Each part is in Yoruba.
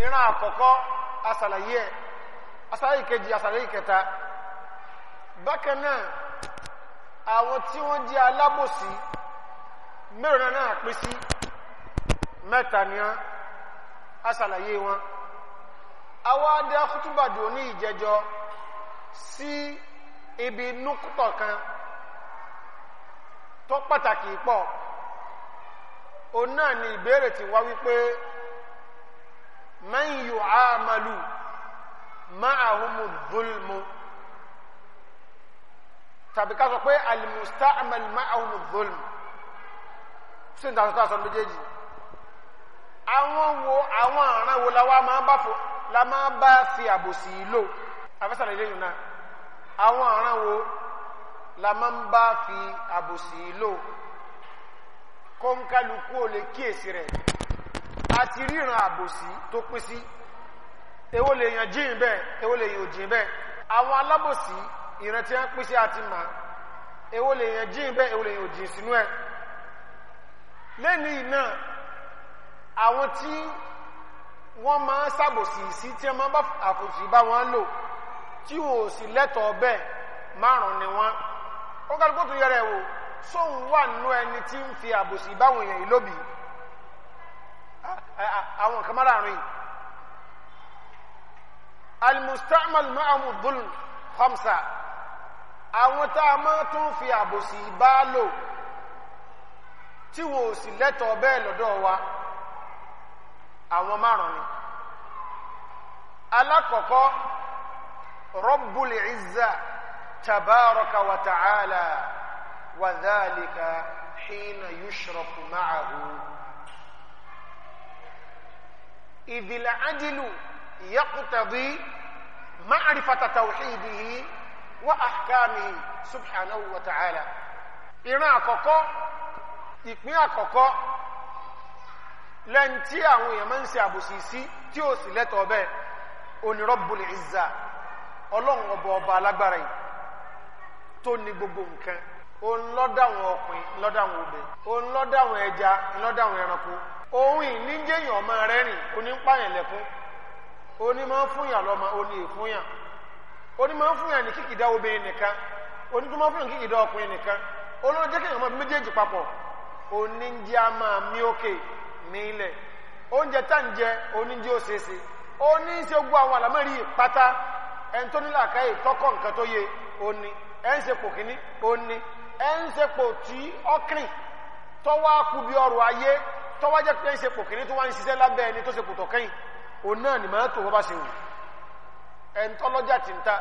ìran àkọ́kọ́ asàlàyé ẹ̀ asàlàyé kejì asàlàyé kẹta bákan náà àwọn tí wọ́n jẹ́ alábòsí mẹ́rin náà pín sí mẹ́ta ni wọ́n asàlàyé wọn àwọn adé akútúbàdò ìjẹjọ ibi núkútọ̀ kan tó pàtàkì pọ̀ òun náà ni ìbéèrè ti wá wípé من يعامل معهم الظلم؟ tàbí ká sọ pé al-musta'mal ma'ahumu dhulmu sí ní tàbí sọ méjèèjì àwọn wo àwọn àrán wo la wá máa bá fò la máa bá fi àbòsí lò àfẹ́sàlẹ̀ ilé yìí àwọn àrán wo la máa bá fi àbòsí lò kọ́ńkálukú ò lè kíyèsí rẹ̀ àti ríran àbòsí tó pín sí èwo lè yàn jíìn bẹ́ẹ̀ èwo lè yàn òjìn bẹ́ẹ̀ àwọn alábòsí ìran tí wọ́n pín sí àti mà èwo lè yàn jíìn bẹ́ẹ̀ èwo lè yàn òjìn sínú ẹ̀ lẹ́nìí náà àwọn tí wọ́n máa ń sàbòsí sí tí wọ́n máa bá àfòsí bá wọn lò tí wọn ò sì lẹ́tọ̀ọ́ bẹ́ẹ̀ márùn-ún ni wọ́n ó kálukú tó yẹra ẹ̀ wò sóun wà nínú ẹni tí ń fi àbòsí báwọn èèyàn yìí lóbi àwọn nǹkan márààrin almustamal ma'amu dhulm khamsa àwọn tá a máa tún fi àbòsí bá lò tí wọn ò sì lẹ́tọ̀ọ́ bẹ́ẹ̀ lọ́dọ̀ wa àwọn márùn-ún alákọ̀ọ́kọ́ Rabbul Izza tabaraka wa ta'ala wa dhalika hina yushraku ma'ahu. idil ajilu yaqtadi ma'rifata tawhidihi wa ahkamihi subhanahu wa ta'ala ìran àkọ́kọ́ ìpín àkọ́kọ́ lẹ́n tí àwọn èèyàn máa ń ṣe àbòsí sí ọlọ́run ọba ọba alágbára yìí tó ní gbogbo nǹkan òun lọ́dàwọn ọkùnrin lọ́dàwọn obìnrin òun lọ́dàwọn ẹja lọ́dàwọn ẹranko ohun ìníjẹyàn ọmọ rẹ rìn oní lẹkún onímọ̀ fúnyàn lọ́mọ oní ìfúnyàn onímọ̀ fúnyàn ní kìkìdá obìnrin nìkan onídùmọ̀ fúnyàn kìkìdá ọkùnrin nìkan olóòrùn jẹ́ kéèyàn ọmọ méjèèjì papọ̀ oníjẹ a máa mí òkè mí ilẹ̀ oúnjẹ tá ń jẹ oníjẹ òṣèṣe oníṣe gbọ́ àwọn àlámẹ́rí pátá ẹni tó tọ́kọ̀ nǹkan tó yẹ oní ń oní ẹ̀ ń tí tọ́wọ́ akú bí ọrọ̀ ayé tọ́wọ́ jẹ́ pé ṣe pò kìíní tó wá ń ṣiṣẹ́ lábẹ́ ẹni tó ṣe pò tọ̀kẹ́yìn òun náà ni màá tó wọ́n bá ṣe wù ẹni tó lọ́jà tí ń ta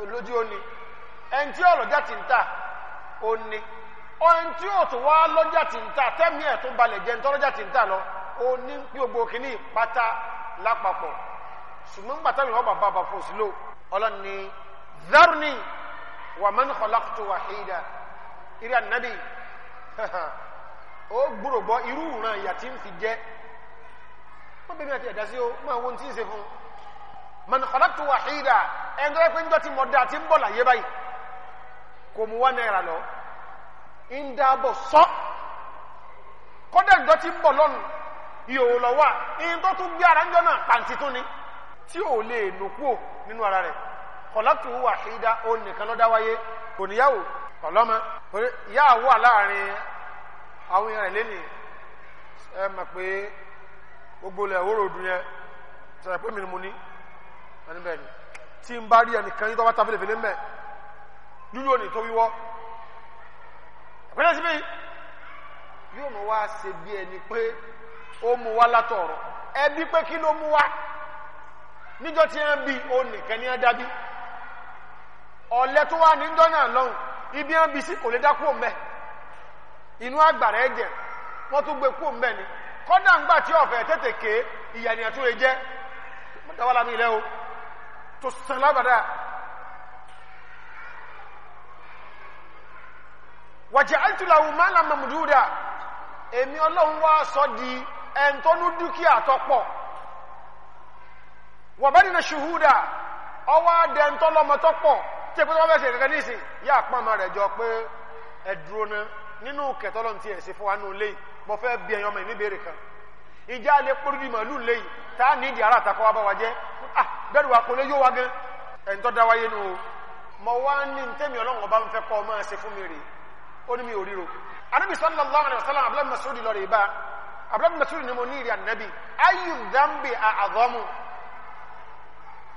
olójú ó ní ẹni tí ọlọ́jà tí ń ta ó ní ẹni tí ó tó wá lọ́jà tí ń ta tẹ́mi ẹ̀ tó balẹ̀ jẹ́ ẹni tó lọ́jà tí ń ta lọ ó ní gbogbo kìíní pátá lápapọ̀ ṣùgbọ́n gbàtà mi wọ́n bàbá bàbá fò sí lò ọlọ́ni wa man iri annabi O gbúrò gbọ́ irú ìran ìyà tí ń fi jẹ́ wọ́n bẹ̀rẹ̀ àti ẹ̀dá sí ó mọ́ àwọn tí ń ṣe fún man khalaqtu wahida ẹni tó yẹ pé ń jọ ti mọ̀ dáa ti ń bọ̀ láyé báyìí kò mú wá náírà lọ ń dáàbọ̀ sọ́ kọ́dà ń jọ ti ń bọ̀ lọ́nu ìhòòhò lọ́wọ́ ìyẹn tó tún gbé ara ń jọ náà pàǹtí tún ni tí ò lè nùkú nínú ara rẹ̀ khalaqtu wahida ó nìkan lọ́dá wáyé kò níyàwó kọ̀lọ́mọ ìyá àwọ̀ láàrin àwọn èèyàn lé ní ẹ mọ̀ pé gbogbo ilẹ̀ òwúrò òdùn yẹn sọ̀rọ̀ pé mi ni mo ní ẹni bẹ́ẹ̀ ni tí n bá rí ẹnìkan yìí tó bá ta fèlèfèlè ń bẹ̀ lúlú òní tó wíwọ́ àpẹẹrẹ sí mi yóò mú wá ṣe bí ẹni pé ó mú wá látọ̀rọ̀ ẹbí pé kí ló mú wá níjọ́ tí wọ́n bí ó nìkan ní adábí ọ̀lẹ́ tó wá níjọ́ náà lọ́hùn ibi wọ́n bí sí kò lè dákú òun inú agbára ẹ̀jẹ̀ wọ́n tún gbé kó mbẹ́ ni ń gbà tí ọ̀fẹ́ tètè ké ìyà tún lè jẹ́ mọ́tàwálà mi o tó sàn lábàdà máa di ẹ̀ńtọ́nú dúkìá tọ́pọ̀ wọ̀bẹ́ni shuhuda ṣùhúdà ọwọ́ adẹ́ńtọ́lọ́mọ tọ́pọ̀ tí èpótọ́ bá fẹ́ ya kẹ́kẹ́ ní ìsìn yá àpamọ́ rẹ̀ nínú kẹtọ́lọ́ ti ẹ̀sìn fún wa nù léyìí mo fẹ́ bí ẹyọ mẹ́ níbèrè kan ìjà lè pọ́nrí di màálù léyìí tá a nídìí ara àtàkọ́ wa bá wa jẹ́ ah bẹ́ẹ̀ wà kọ́lé yóò wá gan ẹ̀ń tọ́ da wáyé nu o mo wá ní ntẹ́mi ọlọ́run ọba ń fẹ́ kọ́ ọ máa ṣe fún mi rè ó ní mi ò ríro anabi sallallahu alayhi wa sallam abdulayi masudi lọ rè bá abdulayi masudi ni mo ayu dambi àgọ́mu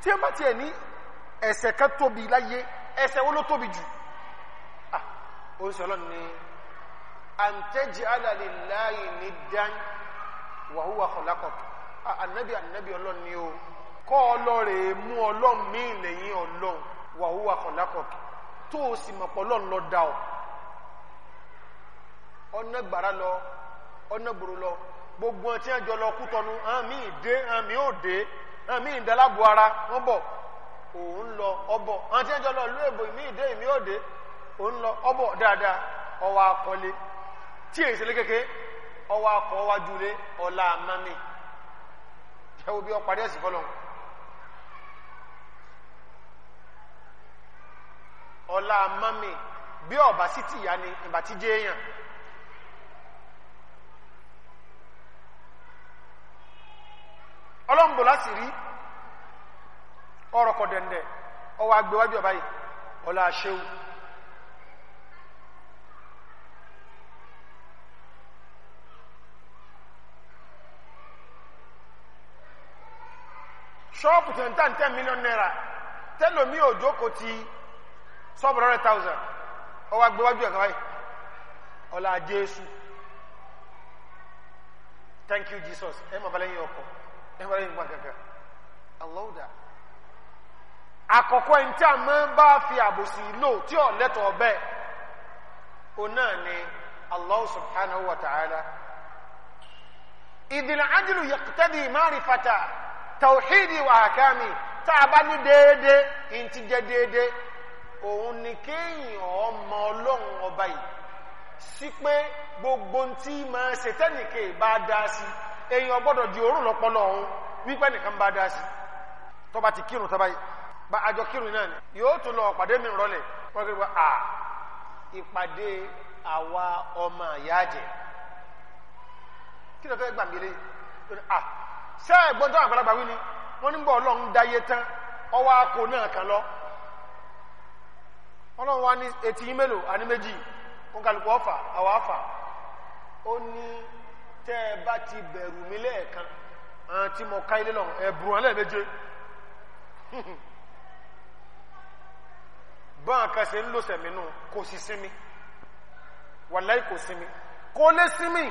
tí ẹ bá tiẹ̀ ní ẹ̀ṣẹ̀ kan tóbi láyé ẹ̀ṣẹ̀ wo ló tóbi jù ah oṣù ọlọ́run ní an taj'ala lillahi niddan wa huwa khalaqak ànábì ànábì ọlọ́run ni o kọ́ ọlọ́rẹ̀ mú ọlọ́run míì lẹ́yìn ọlọ́run wa huwa khalaqak tó o sì mọ̀pọ̀ ọlọ́run lọ da ọ ọ̀nà gbàrà lọ ọ̀nà gbòrò lọ gbogbo ọtí àjọ lọ kú tọnu àmì ìdé àmì òde àmì ìdálábò ara wọn bọ òun lọ ọbọ àti àjọ lọ lóòbò ìmí ìdé ìmí òde òun lọ ọbọ dáadáa ọwọ akọlé tí èyí sílé kéke ọwọ́ akọ wájú lé ọlá mami ẹwọ bí ọparí ẹ̀sìn fọlọ́n ọlá mami bí ọba sí ti ìyá ni ìbá ti jẹ èèyàn ọlọ́mbò láti rí ọ̀rọ̀ kọ̀dẹ̀ndẹ̀ ọwọ́ agbéwájú ọba yìí ọlá ṣéwù ṣọ́ọ̀bù tó ń tà ní ten million naira tẹ́lòmí òjòkó ti ṣọ́ọ̀bù rẹ̀ thousand ọwọ́ agbẹ́wájú ẹ̀ka báyìí ọlá jésù thank you jesus ẹ máa balẹ̀ yín ọkọ̀ ẹ máa balẹ̀ yín gbàgàgà alọ́ọ̀dà àkọ́kọ́ ẹni tí a máa bá fi àbòsí lò tí ò lẹ́tọ̀ọ́ bẹ́ẹ̀ o náà ni allah subhanahu wa ta'ala ìdìnnà ájìlú yaqtadi ma'rifata. tawhidi wa akami tá a bá ní déédé ntí jẹ́ déédé òun ni kéèyàn ọmọ ọlọ́run ọba yìí sí pé gbogbo ntí máa ṣètẹ́nìkè bá dá sí èèyàn gbọ́dọ̀ di òórùn lọ́pọ̀lọ́ ọ̀hún wípé nìkan bá dá sí tó bá ti kírun tó yìí àjọ kírun náà ni yóò tún lọ pàdé mi rọlẹ̀ wọ́n kí wọ́n à ìpàdé àwa ọmọ ìyá kí ló fẹ́ gbàgbélé à ṣé ẹ̀gbọ́n tó àgbàlagbà wí ni wọ́n ní bọ̀ ọlọ́run dáyé tán ọwọ́ akọ náà kan lọ ọlọ́run wa ní etí yín mélòó àní méjì wọn kàlùkù ọ̀fà àwọn àfà ó ní tẹ́ ẹ bá ti bẹ̀rù mi lẹ́ẹ̀kan àwọn tí mo ká ilé lọ́run ẹ̀bùrún alẹ́ méje bọ́n àkàṣe ńlọsẹ̀mí nù kò sí sinmi wàláì kò sinmi kò lè sinmi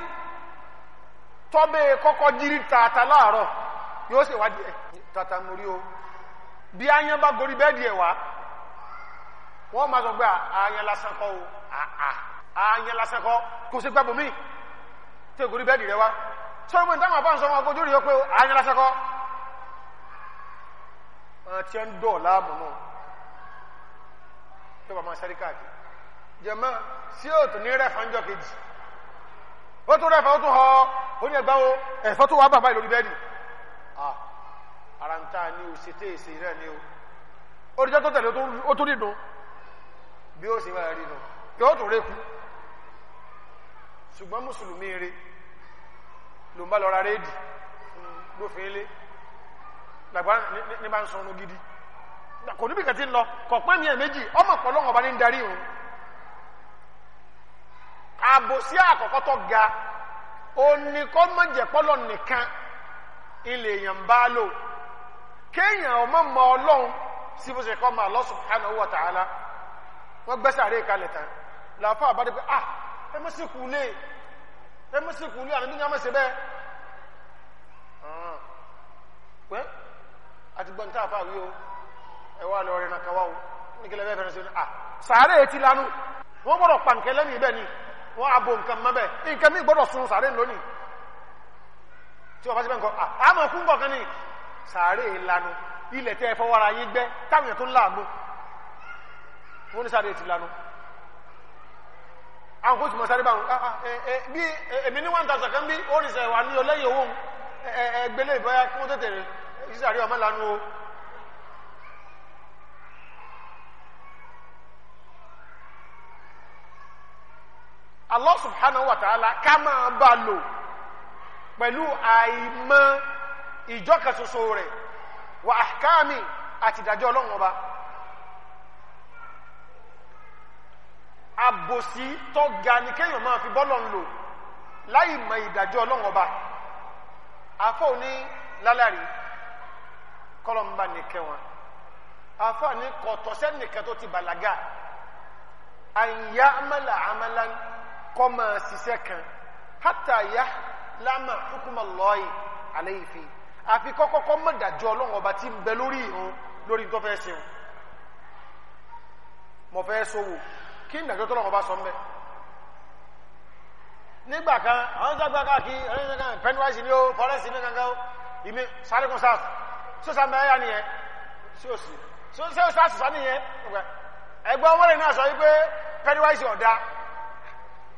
tọ́bẹ̀ kọ́kọ́ jírí tààtà láàárọ̀ yóò sì wájú ẹ̀ tààtà mórí o bí ayan bá gorí bẹ́ẹ̀dì ẹ̀ wá wọ́n máa sọ pé ayan lásán kọ́ o ayan lásán kọ́ kò sí gbàgbọ́ mi tí gorí bẹ́ẹ̀dì rẹ wá sọ́rọ́ mi táwọn àbá ń sọ wọn kojú rí o pé ayan lásán kọ́ àti ẹ̀ ń dọ̀ láàmú náà tó bá máa sẹ́rí káàkiri jẹ̀mọ́ sí òtún ní rẹ̀ fọ́njọ́ kejì. ó tún rẹ̀fà ó tún họ ó ní ẹ̀fọ́ tó wà bàbá ìlórí bẹ́ẹ̀dì ara ń ta ní o ṣe tẹ́ èsì rẹ̀ ní o oríjọ́ tó tẹ̀lé ó tún nínú bí ó sì máa rí nu yóò tún rékú ṣùgbọ́n mùsùlùmí rẹ̀ ló ń bá lọ́ra rédì ló lé ń sọ gidi kò níbi kẹtí ń lọ kọ̀pẹ́ mi ẹ̀ méjì ọmọ pọ̀lọ́wọ̀n ọba ní àbòsí àkọ́kọ́ tó ga oníkọ́ mọ̀jẹ̀pọ́lọ̀ nìkan ilé èèyàn bá lò kéèyàn ọmọ mọ ọlọ́run sí bó ṣe kọ́ máa Allah subhanahu wa ta'ala wọ́n gbẹ́sàárẹ̀ kalẹ̀ tán làáfà àbádé pé ah ẹ mọ́ sí kùlé ẹ mọ́ sí kùlé àmì nígbà mọ́sẹ̀ bẹ́ẹ̀ pẹ́ ah. àti gbọ́n tá a fà wí o ẹ wá lọ rẹ̀ nàkàwá o nígbà bẹ́ẹ̀ fẹ́ràn sí ah sàárẹ̀ ti lanu wọ́n gbọ́dọ̀ pàǹkẹ́ lẹ́nu ibẹ̀ ni wọ́n abo nǹkan mọ́bẹ̀ nǹkan mi gbọ́dọ̀ sun sàárè lónìí tí wọ́n bá ti bẹ́ẹ̀ nǹkan àmọ́ kún kọ̀ọ̀kan ní sàárè lanu ilẹ̀ tẹ́ ẹ fọwọ́ gbẹ́ táwọn tó láàgbó wọ́n ní sàárè ti lanu àwọn kò tún mọ sáré báwọn bí èmi ní one thousand kan bí ó rìn wà ní ọlẹ́yìn owó ẹgbẹ́lẹ́ ìbáyà kí wọ́n tètè sísàárè ọmọ lanu Allah subhanahu wa ta'ala ká máa bá lò pẹ̀lú àìmọ̀ ìjọ́kà soso rẹ̀ wà ahkami àti ìdájọ́ ọlọ́run ọba àbòsí tó ga ní kéèyàn máa fi bọ́lọ̀ ń lò láì mọ̀ ìdájọ́ ọlọ́run ọba àfọ́ ní lálàrí kọlọ̀mbà nìkẹ́ wọn àfọ́ ní kọ̀tọ̀sẹ́ nìkẹ́ tó ti bàlágà àyà amala amalan kọ́ máa ṣiṣẹ́ kan hátà yá lámà hukuma Allahi alayhi fi àfi kọ́kọ́kọ́ mọ̀dájọ́ ọlọ́run ọba tí ń bẹ lórí ìhun lórí tó fẹ́ ṣeun mọ̀ fẹ́ sọ́wọ́ kí ń dàjọ́ tọ́lọ́run ọba sọ ń bẹ nígbà kan àwọn sọ́gbà káàkiri ẹ̀rọ ìṣẹ́kan pẹ́ndúwáìsì ní ó fọ́rẹ́sì ní kankan ìmí sáré kún sáà sọ́sà mẹ́rin yá nìyẹn sí òsì sọ́sà sọ́sà nìyẹn ẹgbẹ́ wọn rẹ̀ náà sọ wípé pẹ́ndúwáìsì ọ̀dà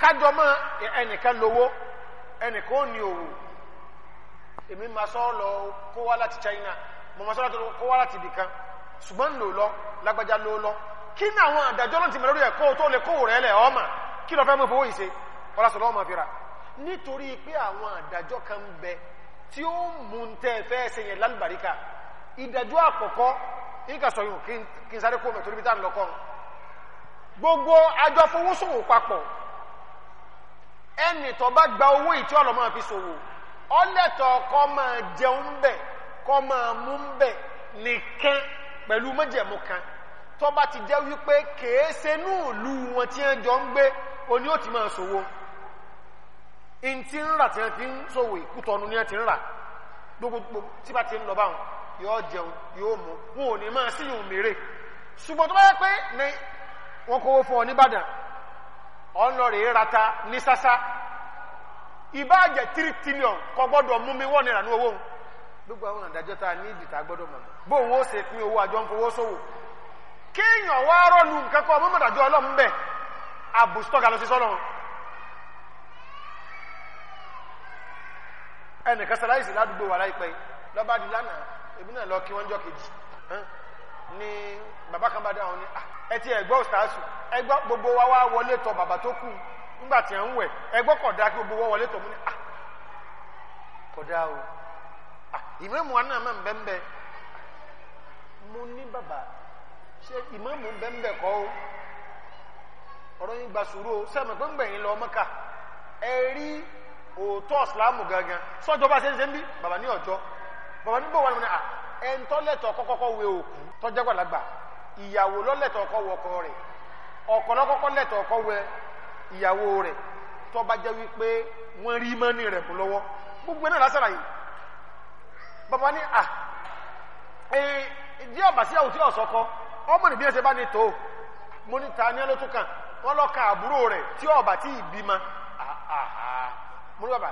kájọ mọ́ ẹnìkan lówó ẹnìkan ò ní òwò èmi máa sọ lọ kó wá láti China mo máa sọ láti kó wá láti ibìkan ṣùgbọ́n lò lọ lágbájá ló lọ kí ní àwọn àdájọ́ náà ti mẹ́lórí ẹ̀kọ́ tó lè kówó rẹ̀ lẹ̀ ọmọ kí lọ fẹ́ mú fowó ìṣe ọlásọ̀lọ́ ọmọ fira nítorí pé àwọn àdájọ́ kan ń bẹ tí ó mú ń tẹ́ fẹ́ ṣe yẹn lálùbáríkà ìdájọ́ àkọ́kọ́ nǹkan sọ yìí kí n sáré kó mẹ́torí bí táà ń lọ́kọ́ gbogbo àjọ fowósòwò papọ̀ ẹnì tó bá gba owó ìtí ọ̀lọ́ máa fi ṣòwò ọlẹ́tọ̀ kọ́ máa jẹun bẹ̀ kọ́ máa mú bẹ̀ nìkan pẹ̀lú mọ́jẹ̀mú kan tó bá ti jẹ́ wípé kèése ní ìlú wọn tí wọ́n jọ ń gbé oní ó ti máa ṣòwò in ti ń rà tí wọ́n ti ń ṣòwò ìkútọ̀nù ni wọ́n ń rà gbogbo tí bá ti ń lọ báwọn yóò jẹun yóò mú wọn ò ní máa síyùn mèrè ṣùgbọ́n tó bá yẹ pé wọ́n kówó fún ọ níbàdàn ọlọ́rẹ̀ rata ní sásá ìbáàjẹ́ 3 trillion kò gbọ́dọ̀ mú mi wọ́n owó gbogbo àwọn àdájọ́ ta ní ìdìta gbọ́dọ̀ mọ̀mọ́ bóun ó ṣe pín owó àjọ ń fowó sówò kéèyàn wá bẹ̀ lọ sí ládùúgbò wà láìpẹ́ lánàá náà lọ kejì bàbá kan bá dá àwọn ní ah, ẹ ti gbogbo wa wá wọlé tọ̀ bàbá tó kú nígbà tí ẹ̀ ń ẹgbọ́ kọ̀dá gbogbo wa wọlé mú ní ah, kọ̀dá o ah, ìmọ̀ọ́mù wa náà máa ń bẹ́ńbẹ́ mo ní bàbá ìmọ̀ọ́mù bẹ́ńbẹ́ kọ́ o ọ̀rọ̀ yín o sẹ́mi pé ń lọ mọ́kà ẹ rí òótọ́ ìsìlámù gangan sọ́jọ́ bá ṣe ń ṣe ń bí bàbá ní bàbá ní bò wà ní ìyàwó lọ́lẹ̀tọ̀ ọkọ wọkọ rẹ̀ ọkọ lọ́kọ́kọ́ lẹ̀tọ̀ wẹ ìyàwó rẹ̀ tó bá jẹ́ wípé wọ́n rí rẹ̀ kú gbogbo náà lásàrà yìí bàbá ní à ìdí ọ̀bà sí ọmọ ẹsẹ̀ bá ní tó mo ní ta ní ọlọ́tún kan wọ́n lọ́ka àbúrò rẹ̀ tí ọ̀bà tí mo ní bàbá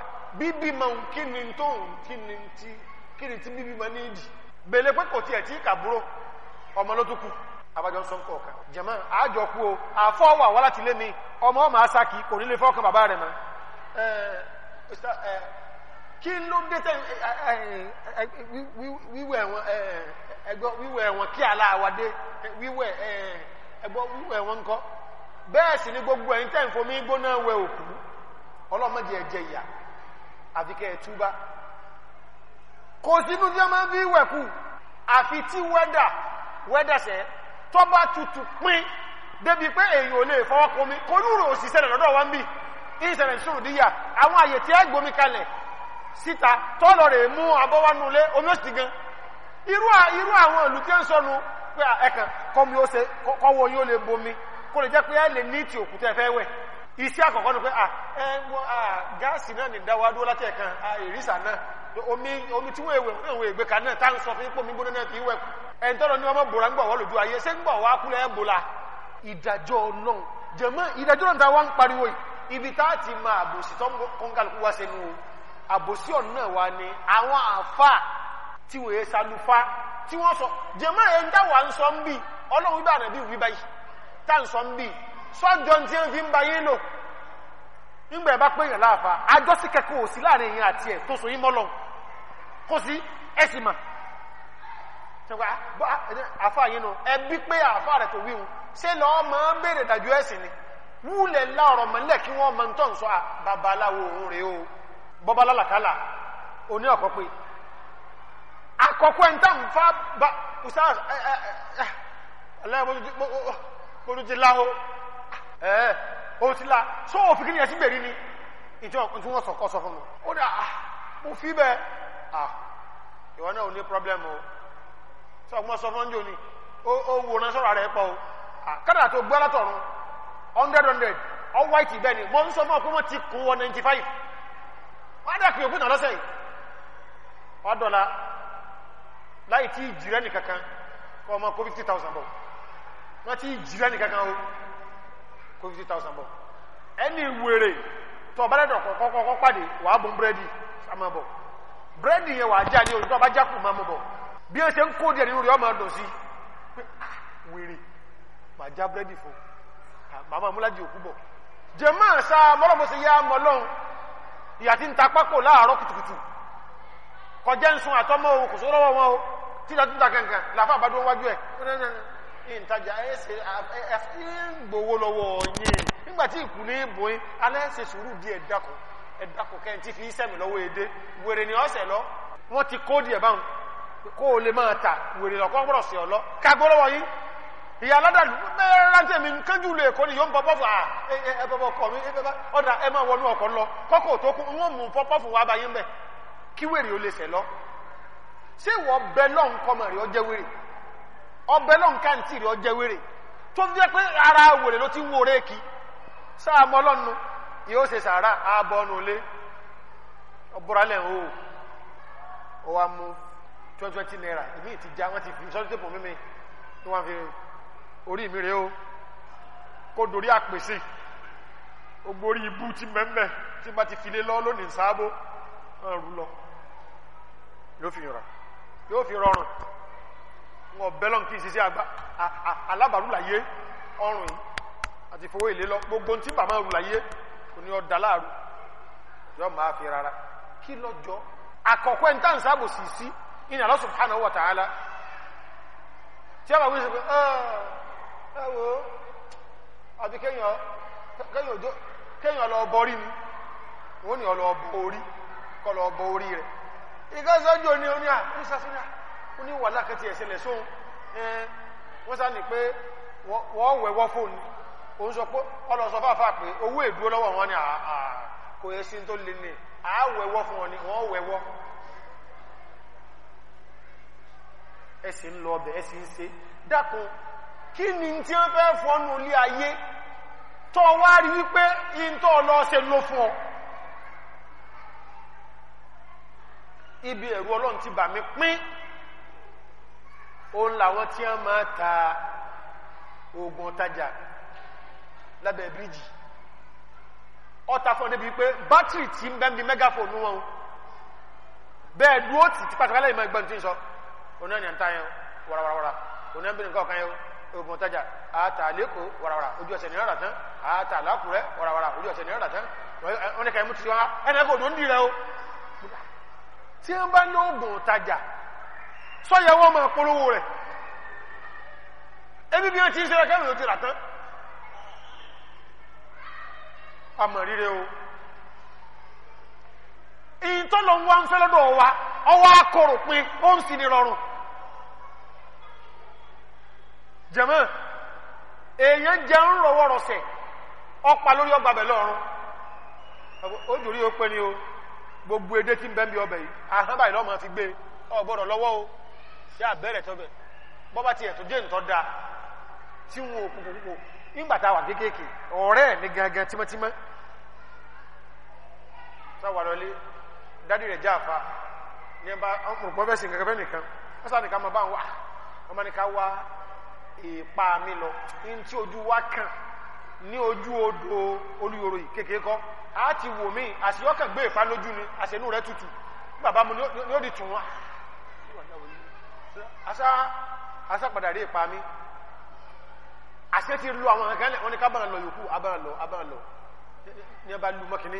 kí ni tó kí ni tí ní bèlè pé kò tiẹ̀ tí abájọ́ sọ nǹkan ọ̀kan jẹ̀mọ́ àjọ kú o àfọwà wà láti lé mi ọmọ ọmọ asáki kò nílé fọ́ọ̀kan bàbá rẹ̀ mọ́ kí ló dé tẹ wíwẹ̀ wọn ẹgbọ́ wíwẹ̀ wọn kí aláàwádé wíwẹ̀ ẹgbọ́ wíwẹ̀ wọn ńkọ́ bẹ́ẹ̀ sì ni gbogbo ẹ̀yin tẹ́ ń fomi gbóná wẹ òkú ọlọ́mọdé ẹ̀jẹ̀ ìyá àfikẹ́ ẹ̀túbá kò sínú tí wọ́n máa ń fi wẹ̀kú àfi tí wẹ́dà wẹ́dà sẹ́ẹ́ tó bá tutù pín débi pé èyàn ò lè fọwọ́ kọmi kọlúrò lọ́dọ̀ wa ń bì ìṣẹ̀lẹ̀ ìṣòro díyà àwọn àyè tí a gbomi kalẹ̀ síta tọ́lọ̀ rẹ̀ mú abọ́wánulé omi òsì gan irú àwọn ìlú tí ó ń sọnu pé ẹ̀kan kọmi ó se kọ́wọ́ yóò lè bomi kó lè jẹ́ pé ẹ lè ní ti òkúta ẹ̀fẹ́ wẹ̀ iṣẹ́ àkọ́kọ́ ni pé gáàsì náà ní dáwádó láti ẹ̀kan ìrísà náà omi tí wọ́n èwẹ̀ òun ègbè kan náà tá sọ fún ipò mi gbóná náà kì í ẹ̀ńtọ́rọ̀ ní ọmọ bòrá ń gbọ̀ wọ́n lójú ayé ṣé ń gbọ̀ wá kúlẹ̀ ẹ̀bùlà ìdájọ́ náà jẹ̀mọ́ ìdájọ́ náà ta wá ń pariwo ibi tá a ti ma àbòsí tó ń kọ́ńkàlùkù wá sẹ́nu o àbòsí ọ̀nà wa ni àwọn àfa tí wòye salufa tí wọ́n sọ jẹ̀mọ́ ẹ̀ń dá wà ń sọ ń bì ọlọ́run bá ànàbí wí báyìí tá à ń sọ ń bì sọ́jọ́ tí ń fi ń ba yín lò nígbà ẹ̀ bá pé èèyàn láàfa àjọsí kẹ́kọ̀ọ́ sí láàrin èèyàn àti ẹ̀ tó so yín mọ́ lọ kó sí ẹ̀sìn mà àfa yìí nù ẹbí pé àfa rẹ̀ kò wíwu ṣé lọ́ọ́ máa ń béèrè dájú ẹ̀sìn ni wúlẹ̀ ńlá ọ̀rọ̀ mọ́lẹ̀ kí wọ́n máa ń tọ̀ ń sọ babaláwo òun rèé o bọ́bálálàkálà oní ọ̀kọ́ pé àkọ́kọ́ ẹ̀ ń tà ń fa ba usa ọlọ́yẹ̀mọ́tò ti la o ẹ̀ o ti la so òfin kí ni ẹ̀sìn bèrè ni ìjọ tí wọ́n sọ̀kọ́ sọ fún mi ó dà mo fi bẹ́ẹ̀ ìwọ náà ò ní sọgbọn sọ fún ọjọ ni ó wò ná sọ̀rọ̀ rẹ pọ o kádà tó gbọ́ látọ̀run hundred hundred ọ white bẹ́ẹ̀ ni mo ń sọ fún ọ pé wọ́n ti kún wọ ninety five wọ́n á dà pé òkú náà lọ́sẹ̀ yìí wọ́n dọ̀la láì tí ìjìrẹ́ nìkankan kọ́ ọmọ kó fifty thousand bọ̀ wọ́n ti ìjìrẹ́ nìkankan o kó fifty thousand bọ̀ ẹni wèrè tó ọba lẹ́dọ̀ kọ́kọ́ pàdé wàá bọ̀ búrẹ́dì sàmọ́ bọ̀ búrẹ́dì yẹn wàá já ní olùdó ọba jákù máa mú bọ̀ bí ẹ ṣe ń kó díẹ̀ nínú rẹ̀ ọmọ ọdún sí ah, wèrè màá já búrẹ́dì fún màmá múlájì òkú bọ̀ jẹ máa sa mọ́lọ́mọ́sí yá mọ́ lọ́hùn ìyà tí ń ta pákó láàárọ̀ kùtùkùtù kọjá ń sun àtọ́mọ́ òun kò sórọ́wọ́ wọn o títà títà kankan làfà àbádọ́ wájú ẹ̀ ìtajà ẹ̀ẹ́sẹ̀ gbowó lọ́wọ́ yìí nígbà tí ìkù ní ìbò yín alẹ́ ṣe sùúrù díẹ̀ dákọ̀ ẹ̀dákọ̀ kẹ́ntì fi sẹ́mi lọ́wọ́ èdè wèrè ni ọ̀sẹ̀ lọ wọ́n ti kó díẹ̀ báwọn kó o lè máa tà wèrè lọ́kọ́ gbọ́dọ̀ sí lọ kagbọ́rọ̀ wọ̀nyí ìyá aládàlú bẹ́ẹ̀ rántí èmi nkájú lè kó ni yóò ń bọ́ pọ́fù à ẹ bọ́bọ́ kọ́ mi ọ̀dà ẹ máa wọnú ọkọ̀ lọ kọ́kọ́ tó kú n mú pọ́fù wá báyé mbẹ́ kí wèrè ó lè sẹ̀ lọ. ṣé ìwọ ọbẹ̀ lọ́n kọ́mọ̀ rẹ̀ ọjẹ́ wèrè ọbẹ̀ lọ́n káǹtì rẹ̀ ọjẹ́ wèrè tó fi jẹ́ pé ara wèrè ló ti wó réèkì sáà mọ́ yóò ṣe sàárà ààbọ̀ ọ̀nà òlé ọ̀bùrálẹ̀ wa mú twenty twenty naira ìmí ti já wọ́n ti fi sọ́dún tèpò mímí tí wọ́n fi orí mi rèé o kó dorí àpèsè gbogbo orí ibú ti mẹ́mẹ́ tí bá ti file lọ lónìí sáábó wọ́n rú lọ ló fi rọrùn yóò fi rọrùn wọn bẹ́lọ̀ kí n ṣiṣẹ́ alábàárù láyé ọrùn yìí àti fowó ìlé lọ gbogbo tí bàmá rù láyé kò ní ọ̀dà láàrú yọ máa fi rárá kí lọ́jọ́ àkọ́kọ́ ẹni tá à ń sábò sí sí ní Allah subhanahu wa ta'ala tí a bá wí sí pé ẹwọ́ àti kéyàn lọ bọ́ rí ni wọ́n ni ọlọ ọbọ̀ orí kọlọ ọbọ̀ orí rẹ̀ ìgbẹ́sọ́jọ́ ni oní àmúsásíná ó ní wà lákàtí ẹ̀ṣẹ̀lẹ̀ sóhun wọ́n sá ní pé wọ́n wẹ̀wọ́ fóònù òun sọ pé ọlọ́sọ fáfá pé owó èdúró lọ́wọ́ wọn ni kò yẹ sí tó lè ní àáwẹ̀wọ́ fún wọn ni wọ́n wẹ̀wọ́ ẹsìn ń lọ ọbẹ̀ ẹsìn ń ṣe dákun kí ni tí wọ́n fẹ́ fọ́nù ilé ayé tó wá rí wípé ìntọ́ lọ ṣe ló fún ọ ibi ẹ̀rù ọlọ́run ti bà mí pín òun làwọn tí wọ́n máa ta oògùn ọ̀tajà lábẹ́ bíríjì ọta fún ọ débi pé bátìrì tí ń bẹ́ẹ̀ bí mẹ́gáfóònù wọn bẹ́ẹ̀ dúró tì tí pàtàkì aláìmọ̀ ẹgbẹ́ ní tí ń sọ onáà ní àǹtá yẹn wàràwàrà onáà bínú nǹkan ọ̀kan yẹn ogun ọ̀tajà àtà lẹ́kọ̀ọ́ wàràwàrà ojú ọ̀sẹ̀ nìyàrá tán àtà lákùrẹ́ wàràwàrà ojú ọ̀sẹ̀ nìyàrá tán oníkà yẹn mú ti wá ẹnì kò dùn dìrẹ o tí wọn bá ní ogun ọ̀tajà sọyẹ wọn ebi bí wọn ti ń ṣe ẹkẹ mi ò ti o. ìtọ́lọ̀ ń wá ń fẹ́ lọ́dọ̀ wa ọwọ́ akọrò ó ń sì rọrùn jẹ̀mọ́ èèyàn jẹ́ ń rọwọ́ rọsẹ̀ ọpa lórí ọgbà bẹ̀ lọ́rùn ó pé o gbogbo edé tí ń bẹ́ ń bí ọbẹ̀ yìí àhán báyìí o ṣé àbẹ́rẹ̀ tọ́bẹ̀ tiẹ̀ tó da tí wọn ò nígbà tá dádì rẹ̀ já àfa ní ẹba ọkùnrin bẹ́ẹ̀ sì kankan bẹ́ẹ̀ nìkan wọ́n sáà nìkan máa bá wà ọmọ nìkan wá ìpa mi lọ ní tí ojú wa kàn ní ojú odò olúyoro yìí kékeré kọ́ a ti wò mí àṣeyọ́kàn gbé ìpa lójú ni àṣẹnú rẹ̀ tutù bàbá mu ni ó di tùn wá asa asa padà rí ipa mi àṣẹ ti lu àwọn kankan lẹ wọn ni ká bá lọ yòókù abá lọ abá lọ ní a lu mọkìnní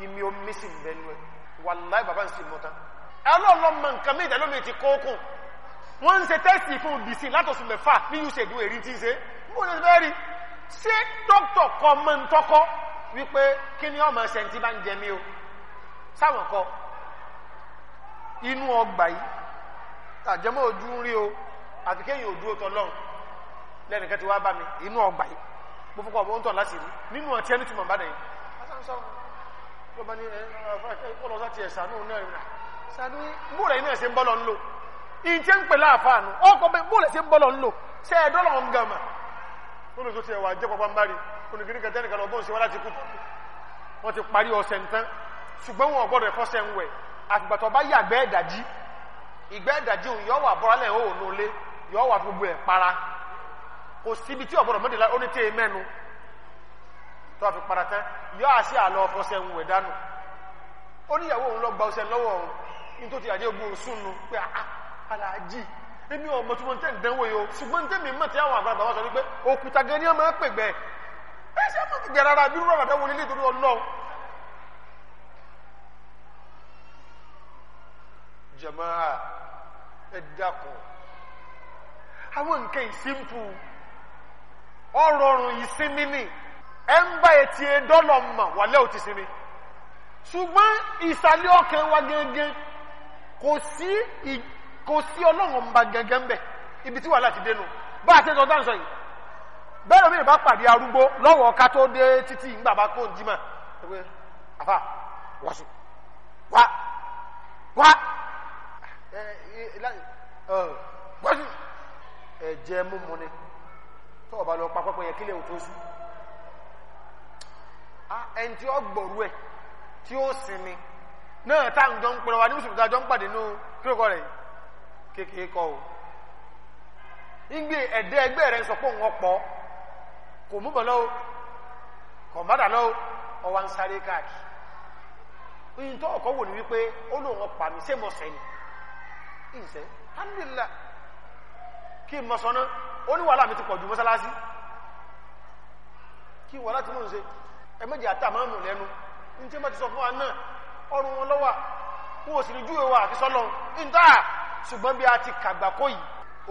Imi omi sì ń bẹnu ẹ wàláì bàbá ń sì mọ́ta ẹlọ́ọ̀lọ́mọ nǹkan méjì ẹlọ́mọ ti kóókùn wọ́n ń ṣe tẹ́sì fún bìsí látọ̀sùn mẹ́fà ní usaid èrí tí ń ṣe mú ní bẹ́ẹ̀ ṣé dókítà kọ mọ ń tọ́kọ́ wípé kí ni ọmọ ẹsẹ̀ ti bá ń jẹ o sáwọn kọ inú ọgbà yìí àjẹmọ́ ojú ń rí o àti kéyìn ojú ó tọ́lọ́run lẹ́nìkan ti wá bá mi inú ọgbà yìí mo fọkọ̀ ọ̀bọ̀ ń tọ̀ láti rí nínú Eh, ló bá ní ọlọ́sá ti ẹ̀sánú náà rìnà sánú bóòlẹ̀ iná ẹ̀sẹ̀ ń bọ́lọ̀ ń lò in tí ń pè láàfáànù ọkọ̀ pé bóòlẹ̀ sí ń bọ́lọ̀ ń lò sẹ́ ẹ̀dọ́lọ̀ ń gàmà lórí tó ti ẹ̀wà jẹ́ pọpọ ń bá rí onígbìnrin kẹtẹ́ nìkan lọ bóun ṣe wá láti kú wọ́n ti parí ọ̀sẹ̀ ń tán ṣùgbọ́n wọn ọ̀gbọ́dọ̀ ẹ̀fọ́sẹ̀ ń wẹ̀ àgbà bá para kò síbi tí ọ̀gbọ́dọ̀ mọ́dìlá ó ní tí e tó fi para tán yọ àṣẹ àlọ ọkọ sẹ́hun wẹ̀ dánù ó níyàwó òun lọ gba ọsẹ lọ́wọ́ òun ní tó ti àjẹ́ ogun òsùn nu pé ah, ah, aláàjì èmi ọmọ tí wọ́n tẹ́ ń dánwò yóò ṣùgbọ́n tẹ́mi mọ̀ tí àwọn àgbàlagbà wọ́n sọ wípé òkúta gan ni wọ́n máa ń pè gbẹ ẹ ṣe mọ̀ gbẹ rárá bí rúrọ̀ àdáwọ̀ nílé torí ọlọ́ jàmáà ẹ dákun àwọn nǹkan ìsìnkú ọrọ̀rùn ìsinmi nìí ẹnba etí dọ́lọ̀ mà wàlẹ́ òtí sinmi ṣùgbọ́n ìsàlẹ̀ ọkàn wa gẹ́gẹ́ kò sí kò sí ọlọ́run ọba gẹ́gẹ́ ń ibi tí wàhálà ti dé nu bá a ti sọ dáhùn sọ yìí bẹ́ẹ̀ lómi ìbá pàdé arúgbó lọ́wọ́ ká tó dé títí ìgbà bá kó ń jí mà ẹgbẹ́ àfà wàṣù wá wá ẹ ẹ wàṣù ẹ̀jẹ̀ múmu ni tọ́wọ́ bá lọ pa pẹ́pẹ́ yẹn kílẹ̀ òtún sùn. Ah, ẹni tí ó gbọ̀rú ẹ̀ tí ó sinmi náà tá à ń jọ ń pẹ̀rọ wa ní mùsùlùmí tá a jọ ń pàdé nínú kírókọ rẹ̀ kékeré kọ o ìgbé ẹ̀dẹ́ ẹgbẹ́ rẹ̀ ń sọ pé òun ọ̀pọ̀ kò mú bọ̀ lọ́wọ́ kò má dà lọ́wọ́ ọwọ́ ń sáré káàkiri oyin tó ọkọ̀ wò ní wípé ó lóun ọ̀pá mi ṣé mo sẹ́ ni ìṣe alhamdulillah kí n mọ̀ sọ náà ó ní wàhálà mi ti pọ̀ ju mọ́sálásí kí wàhálà tí mò ń ṣe ẹmẹ́jì àtàmàmù lẹ́nu ní tí wọ́n ti sọ fún wa náà ọrùn wọn lọ́wà wọn ò sì ní júwe wa àti sọ́lọ́ níta ṣùgbọ́n bí a ti kàgbà kó yìí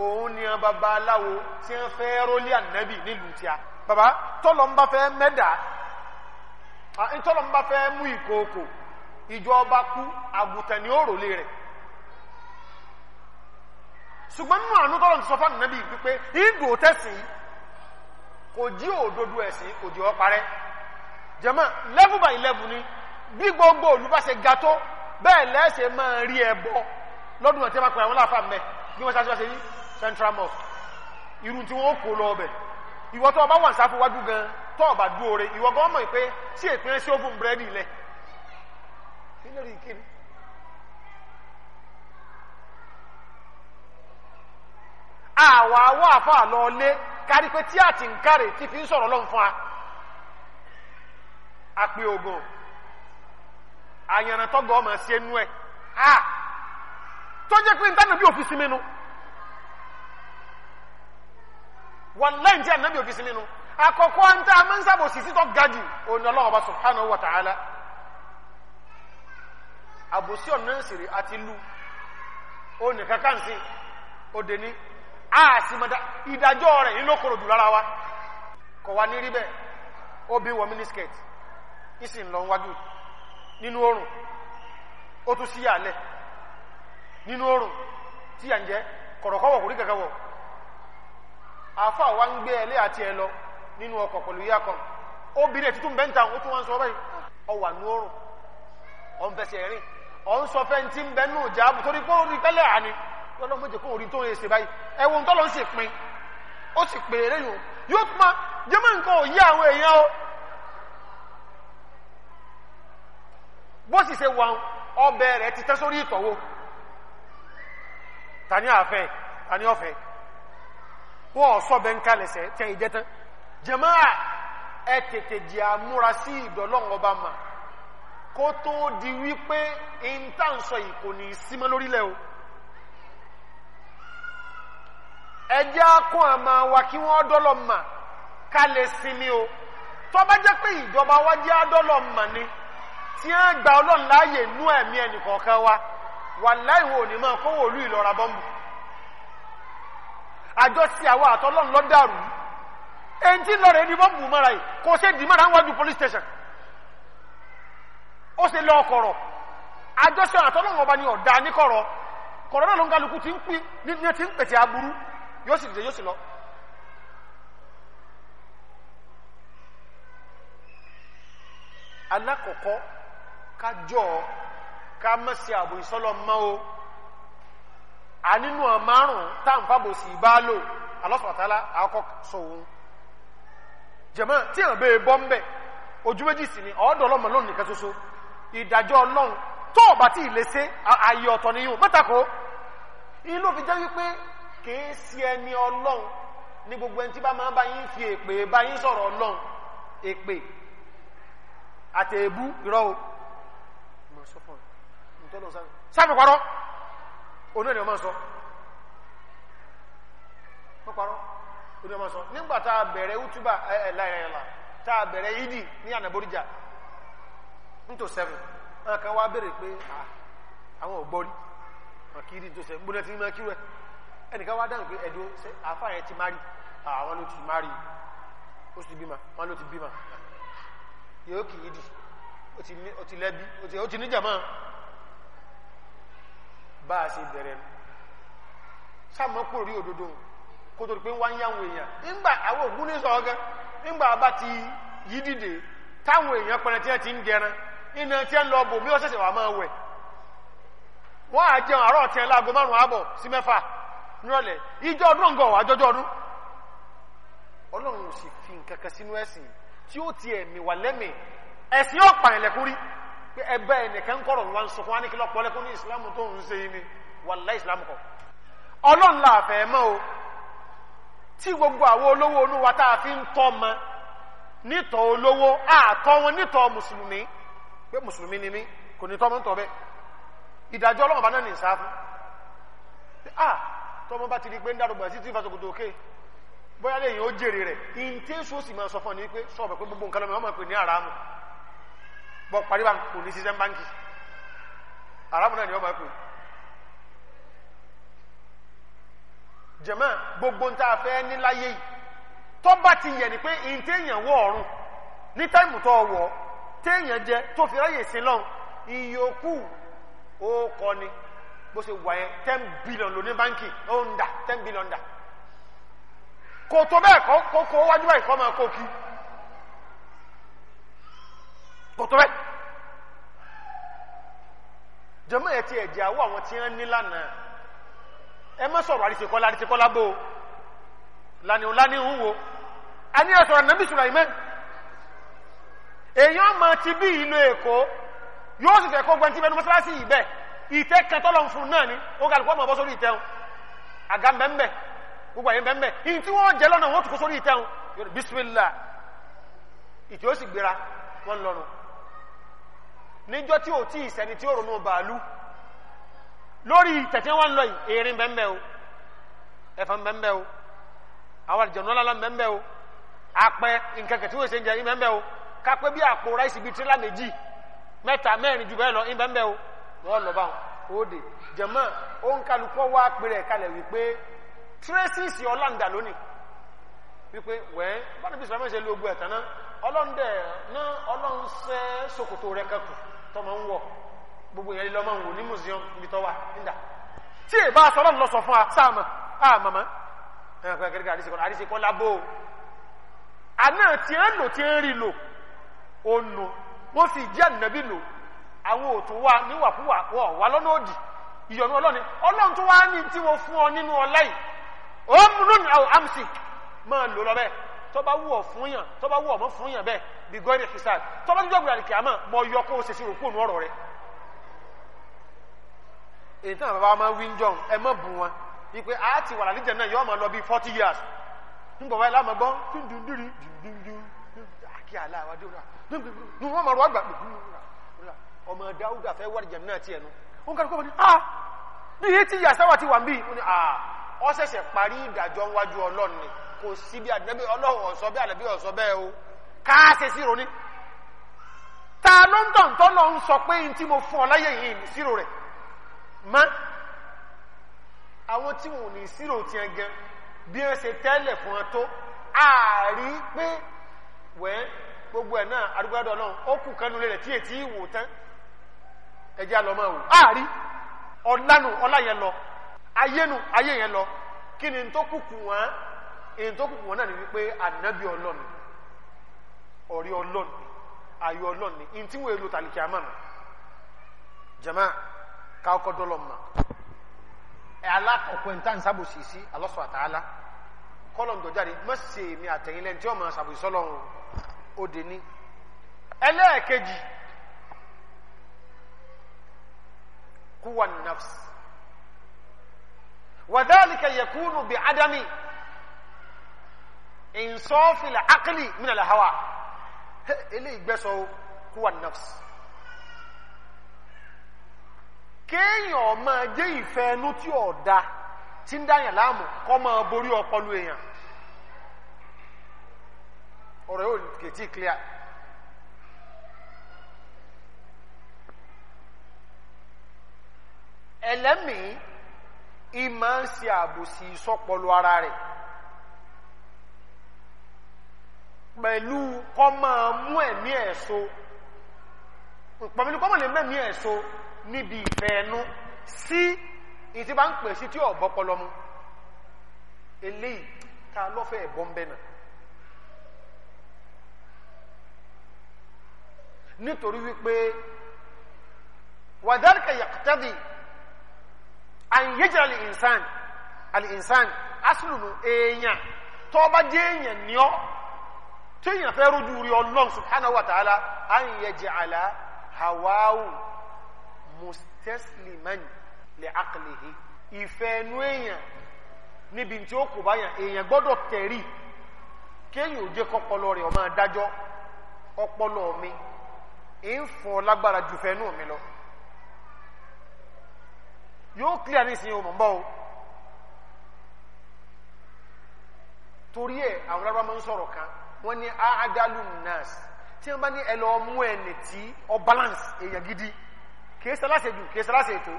òun ni bàbá aláwo tí wọ́n fẹ́ rólí ànábì nílùú tíá bàbá tọ́lọ̀ ń bá fẹ́ mẹ́dà tọ́lọ̀ ń bá fẹ́ mú ìkookò ìjọba kú àgùntàn ni ó rọlé rẹ̀ ṣùgbọ́n nínú àánú tọ́lọ̀ ti sọ fún ànábì wípé ìdò tẹ̀sìn kò jí òdodo ẹ̀sìn kò jí ọ parẹ́ jẹ́mọ́ level by level ni bí gbogbo olùbáṣe ga tó bẹ́ẹ̀ lẹ́ẹ̀ṣẹ̀ máa rí ẹbọ lọ́dún àti ẹbàpẹ̀ àwọn láàfà mẹ́ bí wọ́n sáṣíwáṣe ní central mosque irú tí wọ́n kò lọ ọbẹ̀ ìwọ tó ọba wà ń sáfù wájú gan tó ọba dúró rẹ ìwọ gan mọ̀ pé sí ìpínlẹ̀ sí oven búrẹ́dì ilẹ̀ nílẹ̀rí kiri àwa àwọ̀ àfà lọ lé kárí pé tí àti ń kárè ti fi ń sọ̀rọ̀ lọ́n fún wa akpị pe o gun a nyere ma si enu e a to je kwi nta nna bi ofisi menu lein ti a nna bi ofisi menu akoko a nta aminsa bosi sito gadi onye ala obatu hanoi wata hala a bu si onye nsiri ati lu o kaka nsi o de ni a si mada idajo re ni lo koro durara wa kowa ni ribe o bi iwo minisket ìsìn lọ wájú nínú oòrùn ó tún sí àlẹ́ nínú oòrùn tí à ń jẹ́ kọ̀rọ̀kọ́wọ̀ kò rí gàgàwọ̀ àfà wa ń gbé ẹlẹ́ àti ẹ lọ nínú ọkọ̀ pẹ̀lú yá kan obìnrin ètùtù ń bẹ́ńtà ó tún wá ń sọ báyìí ọ wà nú oòrùn ọ ń fẹsẹ̀ rìn ọ ń sọ fẹ́ ti ń bẹ́ nù jáàbù torí pé ó rí pẹ́lẹ́ àní lọ́dọ̀ kó orí tó ń ṣe báyìí ẹ̀wọ̀n tó lọ ń ṣèpin ó sì pè é yóò tún máa jẹ́mọ̀ nǹkan òye àwọn èèyàn bó sì ṣe wọn ọbẹ̀ rẹ̀ ti tẹ́ sórí ìtọ̀wó tani àfẹ́ tani ọ̀fẹ́ wọ́n sọ́bẹ̀ ń kalẹ̀sẹ̀ tẹ́ ìjẹ́tán jàmáà ẹ tètè jẹ́ àmúra sí ìdọ̀lọ́ngọba mà kó tó di wípé ìntànsọ ìkò ní símọ́ lórílẹ̀ o ẹjẹ́ akún àmà wa kí wọ́n dọ́lọ́ mà kalẹ̀ sinmi o tọ́bá jẹ́ pé ìjọba wájú adọ́lọ́ mà ni. tí ó gba ọlọ́run láàyè nú ẹ̀mí ẹnì wa wà láìwò òní máa kówó olú ìlọra bọ́m̀bù àjọ sí àwọn àtọ́lọ́run lọ ẹni tí lọ́rọ̀ ẹni bọ́m̀bù mọ́ra yìí kò ṣe dì mọ́ra wájú police station ó ṣe lọ ọkọ̀rọ̀ àjọ sí àtọ́lọ́run ọba ni ọ̀dà ti ń pín ní ti ń pètè kájọ́ ká mọ́ sí àbò ìsọ́lọ mọ́ o a nínú ọmọrùn táǹfàbò sí bá lò alọ́sọ̀tálá àkọ́ sọ̀hún jẹ̀mọ́ tí à ń bèè bọ́ ń bẹ̀ ojú méjì sí ni ọ̀ọ́dọ̀ ọlọ́mọ lónìí nìkan ṣoṣo ìdájọ́ ọlọ́run tó ọ̀bá tí ìlẹ́sẹ̀ ayé ọ̀tọ̀ niyún mọ́tàkó inú fi jẹ́ wípé kìí sí ẹni ọlọ́run ní gbogbo ẹni tọ́lọ̀ sáfì sáfì parọ́ onú ẹni ọmọ sọ nígbà tá bẹ̀rẹ̀ útúbà ẹ̀ láìláìlá bẹ̀rẹ̀ yídì ní ànàbóríjà nítò sẹ́fì wọn kan wá béèrè pé àwọn ò gbọ́rí wọn kì í tí ń máa rẹ̀ ẹnìkan wá dáhùn pé ẹ̀dùn àfáà ti má àwọn ló ti o ti bímọ yóò ti lẹ́bí ó ti bá a ṣe bẹ̀rẹ̀ sáàmọ́ kúrò rí òdodo kó tó rí pé wá ń yáwọn èèyàn nígbà àwọn ògún ní sọ̀rọ̀ gan nígbà bá ti yí dìde táwọn èèyàn pẹ̀lẹ́ tí wọ́n ti ń gẹran iná tí wọ́n lọ bò mí ọ̀sẹ̀sẹ̀ wà máa wẹ̀ wọ́n á jẹun àárọ̀ tí láago márùn-ún àbọ̀ sí mẹ́fà nírọ̀lẹ́ ìjọ ọdún ọ̀gọ̀ wà ọdún ọlọ́run ò sì fi nǹkan kan sínú ẹ̀sìn tí ó ti ẹ̀mí wà lẹ́mìí ẹ̀sìn ọ̀pàyẹ̀lẹ̀kúrí pé ẹbẹ́ ẹnìkan kọ̀rọ̀ wọn sọ fún aníkí lọ́pọ̀ lẹ́kún ní ìsìlámù tó ń ṣe ni wàlá ìsìlámù kọ̀ ọlọ́run la fẹ́ mọ́ o tí gbogbo àwọn olówó olúwa tá a fi ń tọ́ ọmọ nítọ̀ olówó àtọ́ wọn nítọ̀ mùsùlùmí pé mùsùlùmí ni mí kò ní tọ́mọ́ ń tọ́ bẹ́ẹ̀ ìdájọ́ ọlọ́run bá náà ní ìsáfún ah tọ́mọ́ bá ti di pé ń dárúgbà sí tí ìfàsọ̀kòtò òkè bóyá lẹ́yìn ó jèrè rẹ̀ ìǹtẹ́sù ó sì máa sọ fún ọ ní pé sọ̀rọ̀ pé gbogbo nǹkan lọ́mọ ọmọ pè ní àràmù bọ́ parí báńkì kò ní ṣiṣẹ́ báńkì arábùn ni wọ́n máa pè jẹ̀mọ́ gbogbo ń tá a fẹ́ ní láyé yìí tó bá ti yẹ̀ ni pé ìyìn téèyàn wọ̀ ọ̀run ní táìmù tó wọ̀ téèyàn jẹ tó fi ráyè sí lọ́n ìyókù ó kọ́ ni bó ṣe wà yẹn ten billion ló ní báńkì ó ń dà ten billion dà kò tó bẹ́ẹ̀ kó kó wájú báyìí kó máa kó kí kòtò bẹ́ẹ̀ jẹ́mọ́ ẹ̀ ti ẹ̀jẹ̀ àwọ̀ àwọn tí wọ́n ní lánàá ẹ má sọ̀rọ̀ àdìsíkọ́lá àdìsíkọ́lá bò ó lani ọ̀la ni ń wo a ní ẹ̀sọ̀rọ̀ nàbí Sulaiman èèyàn ma ti bí ìlú èkó yóò sì fẹ́ kó gbẹ́ntì mẹ́nu mọ́sálásí yìí bẹ́ẹ̀ ìtẹ́ kan tọ́lọ̀ ń fún náà ni ó kàlùkù ọmọ bọ́ sórí ìtẹ́hùn àga mbẹ́mbẹ́ gbogbo àyè mbẹ́mbẹ́ ìyìn tí wọ́n jẹ́ lọ́nà wọ́n tún kó sórí ìtẹ́hùn yóò bismillah ìtì ó sì gbéra wọ́n lọ́rùn níjọ́ tí ò tí ìsẹni tí ó ronú bàálù lórí tẹ̀tẹ̀ wọn lọ yìí erin bẹ́ẹ̀ o ẹ̀fọn bẹ́ẹ̀ o àwọn àjẹ̀nú ọlọ́lá bẹ́ẹ̀ o apẹ nkẹ̀kẹ̀ tí wọ́n ṣe ń jẹ bẹ́ẹ̀ o kápẹ́ bí àpò ráìsì bíi tírélà méjì mẹ́ta mẹ́rin jù bẹ́ẹ̀ lọ bẹ́ẹ̀ o wọ́n lọ bá wọn ó de jẹ̀mọ́ ó ń kálukọ́ tọmọ ń wọ gbogbo ìyẹn lọ́mọ ń wò ní museum ibi tọ́wà níta tí èyí bá sọlọ́n lọ sọ fún wa sáàmà àmàmà ẹ̀yàn pé gẹ́gẹ́ àdìsí kọ́lá àdìsí kọ́lá bó o àná tí ń lò tí ń rí lò ó nù wọ́n fi jẹ́ ànábì lò àwọn òtún wa níwàkúwà wọ̀ wá lọ́nà òdì ìyọ̀nù ọlọ́ni ọlọ́run tó wá ní tí wọ́n fún ọ nínú ọlá yìí ó múnú ní àwọn amsik máa lò lọ bẹ́ẹ̀ tọ́ba wù ọ́ fún yàn tọ́ba wù ọ́ mọ́ fún yàn bẹ́ẹ̀ bí gọ́ọ̀dì hisab tọ́ba tó dọ̀gbìn àlìkè àmọ́ mọ yọ kó o ṣe sí òkú ọ̀rọ̀ rẹ. èyí tí àwọn bàbá máa wí ń jọ ẹ mọ̀ bù wọn wípé a ti wà lálejò náà yọ ọmọ lọ bí forty years ń bọ̀ báyìí láàmú gbọ́n dundundiri dundundiri àkí aláwa dé wọn máa rọ àgbà ọmọ dáúdà fẹ́ wà lálejò náà tiẹ̀ nu wọn kàn kọ́ wọn ni ah bí eighty years ti wà ń ah ọ sẹsẹ parí ìdájọ́ wájú ọlọ́run kò sí bí àdébí ọ̀sọ́ bí àdébí ọ̀sọ́ bẹ́ẹ̀ o káàṣe sí ronú ta ló ń tàn tọ́ ń sọ pé n tí mo fún ọ yìí ní sírò rẹ̀ mọ́ àwọn tí wọn ní sírò tiẹ̀ gan bí ṣe fún wọn tó ààrí pé gbogbo ẹ̀ náà arúgbádọ́ náà ó kù kánú lẹ̀ tí tán ayénu ayé yẹn lọ kí ni tó kúkú wọn tó kúkú wọn náà ni wípé ànábì ọlọ́ni ọ̀rí ọlọ́ni ayọ̀ ọlọ́ni ní wọ́n èlò tàlìkì jama káwọ́kọ́ dọ́lọ́ mọ́ ẹ̀ alákọ̀ọ́kọ́ ẹ̀ ń tán sábòsì sí alọ́sọ àtàlá kọ́lọ̀ ń dọ̀jáde má èmi sábòsì وذلك يكون بعدم انصاف العقل من الهوى اللي يغبسو هو النفس kéèyàn máa jẹ́ ìfẹ́ ẹnu tí ò da tí ń dáyàn láàmú kọ́ máa borí ọpọlọ èèyàn ọ̀rọ̀ yóò kètì clear ẹlẹ́mìí ìmọ̀ ń ṣe àbòsí sọ́pọ̀lọ ara rẹ̀ pẹ̀lú kọ́ máa mú ẹ̀mí ẹ̀so pẹ̀lú kọ́ máa lè mẹ́mí ẹ̀so níbi ìfẹ́ ẹnu sí ìtí bá ń pè sí tí ọ̀bọ́pọlọ mu eléyìí ta lọ́fẹ́ ẹ̀bọ́n bẹ́ẹ̀ nítorí wípé wàdárìkà yàtàdì an yẹjẹ ali insan ali insan asinu nu èèyàn tọ́ba jẹ́ èèyàn ni ọ́ tí èèyàn fẹ́ rojú rí ọlọ́run subhanahu wa ta'ala an yẹjẹ ala hawawu mustasliman li aqlihi ìfẹ́ ẹnu èèyàn níbi tí ó kò bá yàn èèyàn gbọ́dọ̀ tẹ̀rí kéèyàn ò jẹ́ kọ́pọlọ rẹ̀ ó máa dájọ́ ọpọlọ mi ń fún ọ lágbára jù fẹ́ mi lọ yóò clear ní ìsinyìí òmò ń bọ́ o torí ẹ̀ àwọn arábá máa ń sọ̀rọ̀ kan wọ́n ní aadalu nas tí wọ́n bá ní ẹ lọ́ọ́ ẹni tí ọ balance èèyàn gidi kìí ṣe aláṣẹ jù kìí ṣe aláṣẹ ètò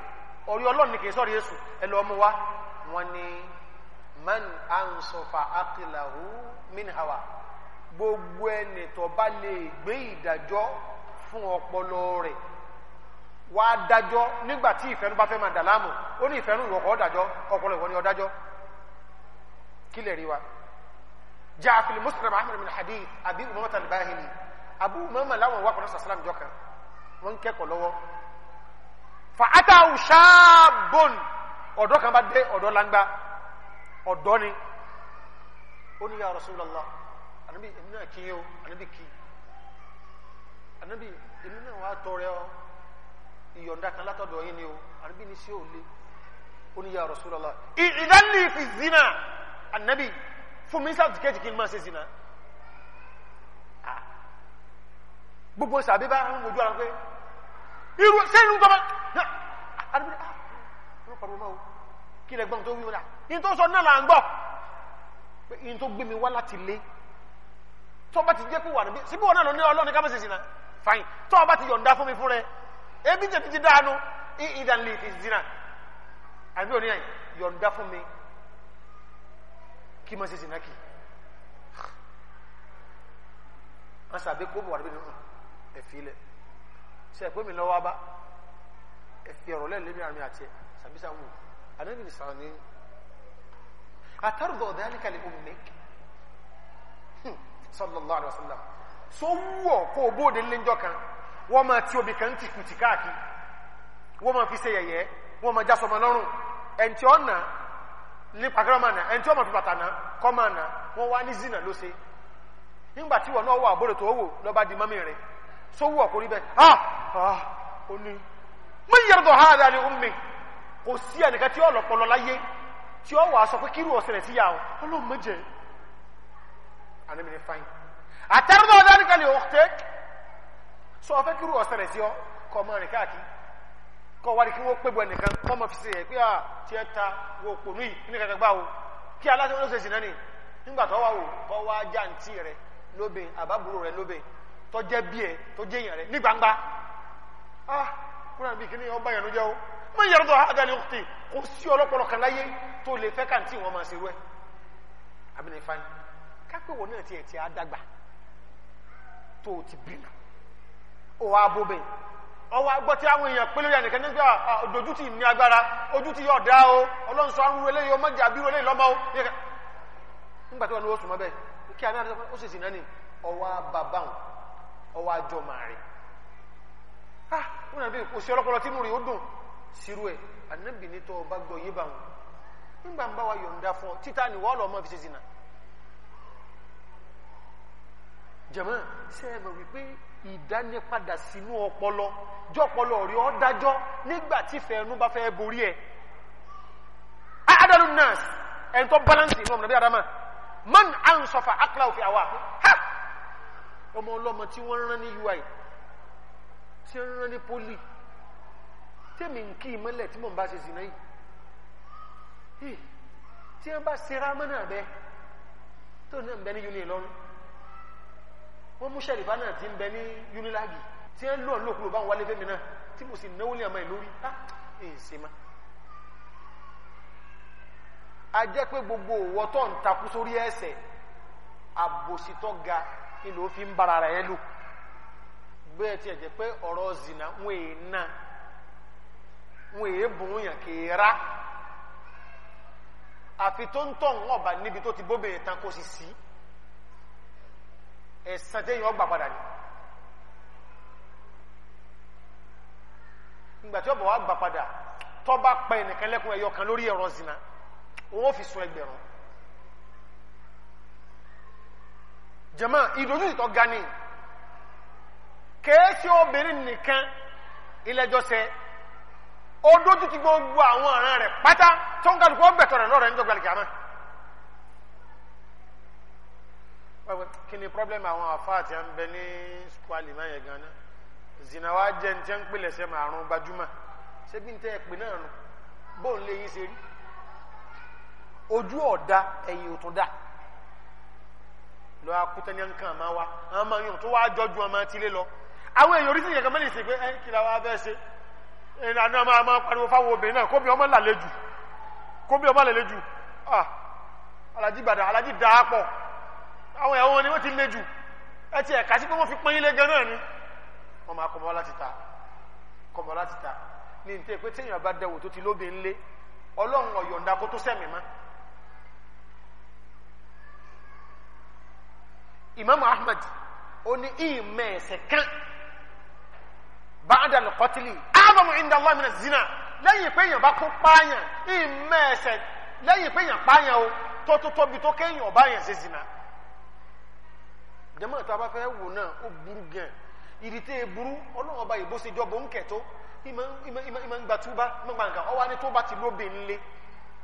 ọ̀rí ọlọ́run ni kìí sọ̀rọ̀ wa wọ́n ní man ansofa aqilahu min hawa gbogbo ẹni tó bá lè gbé ìdájọ́ fún ọpọlọ rẹ̀ wàá dájọ́ nígbà tí ìfẹ́nu bá fẹ́ máa dà láàmú ó ní ìfẹ́nu ìwọ̀kọ̀ ọ̀dàjọ́ ọ̀pọ̀lọ̀ ìwọ̀ ni ọ̀dájọ́ kí lè rí wa jaa fil muslim ahmed bin hadi abi umamata al-bahili abu umama láwọn wà pẹ̀lú sàsálàm jọ wọ́n kẹ́kọ̀ọ́ lọ́wọ́ fa atawu shaabun ọ̀dọ́ kan bá dé ọ̀dọ́ langba ọ̀dọ́ ni ó ní ya Rasulullah anabi èmi náà kí o anabi kí anabi èmi náà wàá tọrẹ ọ ìyọ̀ǹda kan látọ̀dọ̀ yín ni o àníbí ni sí ò le ó ní ya Rasulullah ìdánlẹ̀ fi zina ànábì fún mi sàtìkẹ́tì kí n máa ṣe zina gbogbo sàbí bá ń mojú ara pé irú sẹ́yìn tó bá àníbí ni ah wọ́n pariwo máa o kí lẹ gbọ́n tó wíwọ́n náà ní tó sọ náà là ń gbọ́ pé ní tó gbé mi wá láti lé tó bá ti jẹ́ kó wà níbi síbí wọn náà lọ ní ọlọ́ni ká má ṣe zina fine tó bá ti yọ̀ǹda fún mi fún rẹ ebi jẹ fiti daa no i idan li ti zina àbí òní yàn yọ̀ǹda fún mi kí ma ṣe zina kì wọn sà bẹ kó bọ̀ wà níbi nínú ẹ̀fí lẹ ṣe ẹ̀pẹ́ mi lọ́wọ́ bá ẹ̀fí ọ̀rọ̀ lẹ́nu ni àmì àti ẹ̀ sàbí sàwọn àdéhùn ní sàwọn ní àtàrùdọ̀ ọ̀dẹ́ àníkàlẹ̀ òmìnir sallallahu alaihi wasallam so wúwọ̀ kó o bóde lẹ́njọ́ kan wọ́n máa tí obì kan ti kùtì káàkiri wọ́n máa fi ṣe yẹ̀yẹ́ wọ́n máa já sọmọ lọ́rùn ẹ̀ǹtí ọ̀nà nípa kẹ́rọ máa nà ẹ̀ǹtí ọmọ fi bàtà nà wọ́n wá ní zina ló ṣe nígbà tí wọn náà wà àbúrò tó wò lọ́ba di mọ́mí rẹ̀ sówú ọ̀kùnrin bẹ́ẹ̀ ah ah ó ní mọ ìyàrá ha dá ní omi kò sí ẹnìkan tí ọlọpọlọ láyé tí ó wà sọ pé kírú ọ̀sẹ̀ rẹ̀ sí yà ó ọlọ́run sọ fẹ́ kí irú ọ̀sẹ̀lẹ̀ sí ọ kọ́ ọmọ rìn káàkiri kọ́ wárí kí wọ́n pébọ̀ ẹnìkan kọ́ ọmọ fi ṣe ẹ̀ pé à tí ẹ ta wo òpònú yìí nínú kankan gbá o kí aláṣẹ olóṣèlú sì náà ni nígbà tó wà tó ah kúrò níbi kí ni ọba yẹn ló jẹ́ o mo yẹrù tó hàdà ní òkùtì kò sí ọlọ́pọlọ kan ti bínú òwò abúbẹ̀ ọwọ́ agbọ́ tí àwọn èèyàn pẹ́lú ìyànìkan nígbà ah, ah, ojú ti ní agbára ojú ti yọ̀ dá o ọlọ́nsọ arúgbó eléyìí ọmọ ìjà bíró eléyìí lọ́mọ o nígbà tí wọn ni wọ́n sùn mọ́ bẹ́ẹ̀ kí àmì àdúgbò ó sì sì náà ni ọwọ́ bàbá wọn ọwọ́ àjọ màrí ah wọn nàbí kò sí ọlọ́pọlọ tí mo rí ó dùn sírú ẹ̀ ànábì ní tọ́ ọba gbọ́ yé wa yọ̀ǹda fún zina jẹ̀mọ́ sẹ́ẹ̀ mọ̀ ìdánipadà sínú ọpọlọ jọpọlọ rí ọ dájọ nígbà tí fẹẹnu bá fẹẹ borí ẹ adalu nas ẹni tó balance inú ọmọdé adama man ansofa akla òfin àwa ha ọmọ ọlọmọ tí wọn rán ní ui tí wọn rán ní poli tẹmí nkí ìmọlẹ tí mò ń bá ṣe sìn náà yìí tí wọn bá ṣe ra mọ náà bẹ tó náà bẹ ní union lọrùn. wọ́n mú sẹ̀rìbá náà ti ń bẹ ní unilagi tí ń lò lókùlò bá ń wálé náà tí mo sì náwó lé ah, a jẹ́ pé gbogbo òwò ń takú sórí ẹsẹ̀ àbòsítọ́ ga ìlò fi ń bara zina ń na ń wèé bùn yàn kéèrà àfi tó ń tọ̀ ń ọ̀bà níbi tó ti tán sì sí. ẹ̀sán téèyàn ọgbà padà ni ìgbà tí ọbọ̀ wa gbà padà tó bá pa ẹnìkan lẹ́kùn ẹ̀yọ kan lórí ẹ̀rọ zina wọ́n fi sun ẹgbẹ̀rún jàmá ìdójú ìtọ́ ga ni kèéṣe obìnrin nìkan ilẹ̀jọ́sẹ̀ ó dójú ti gbogbo àwọn ọ̀ràn rẹ̀ pátá tó ń kálukú ọgbẹ̀tọ̀ rẹ̀ lọ́rẹ̀ níjọba ìgbàlẹ̀ kìámẹ́ kí ni problem àwọn àfáà tí a ń bẹ ní skwali máa yẹ gan náà zina wa jẹ́ ní tí a ń pè lẹ́sẹ̀ márùn gbajúmọ̀ ṣebí ń tẹ́ ẹ pè náà nù bóun lè yí ṣe ojú ọ̀dá ẹ̀yìn ò tún dá lọ akútẹ́ ní nǹkan máa wá àwọn máa yàn tó wá jọ́jú ọmọ ti lé lọ àwọn èèyàn orísìí ìyẹ̀kan mẹ́lẹ̀ ìsìnkú ẹ̀ kí la wá bẹ́ẹ̀ ṣe ìlànà máa máa pariwo fáwọn obìnrin náà kóbi ọmọ làlejò kóbi ọmọ làlejò ah alájí gbàdá alájí àwọn ìyàwó ni wọ́n ti lé jù ẹ ti ẹ̀ka sí pé wọ́n fi pín ilé gan náà ni wọ́n máa kọ̀bọ̀ láti ta kọ̀bọ̀ láti ta ní nítorí pé téèyàn bá dẹwò tó ti lóbi ńlé ọlọ́run ọ̀yọ̀ǹda kó tó sẹ̀mí mọ́. imaamu ahmed ó ní ìmẹ̀ ẹ̀sẹ̀ kan báadà lọ́kọ́tìlì ábàmù ìndà allah zina lẹ́yìn pé èèyàn bá kó pààyàn ìmẹ̀ ẹ̀sẹ̀ lẹ́yìn pé èèyàn pààyàn o tó tó tóbi tó kéèyàn ọ̀bá yẹn ṣe zina. jẹ́mọ́ tá a bá fẹ́ wò náà ó burú gan ìrìtẹ́ burú ọlọ́run ọba ìbò ṣe jọbọ ń kẹ̀tọ́ ìmọ̀ ń gba túbá ìmọ̀ gbàǹgà ọwọ́ ni tó bá ti lóbe ńlé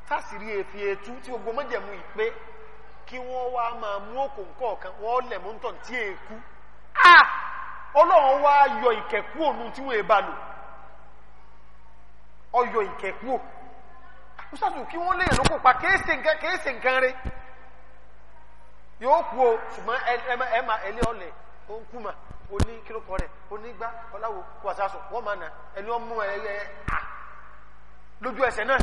tásìrí èfi ètú tí gbogbo mọ́jẹ̀mú ìpé kí wọ́n wá máa mú òkò wọ́n lẹ̀ mú ọyọ ò kí wọ́n pa yóò kú o ṣùgbọ́n ẹ ma ẹni ọ̀lẹ̀ ó ń kú mà ó ní kílókọ rẹ̀ ó ní gbá ọláwo kó wà sásùn wọ́n máa nà ẹni ọmú ẹ yẹ à lójú ẹsẹ̀ náà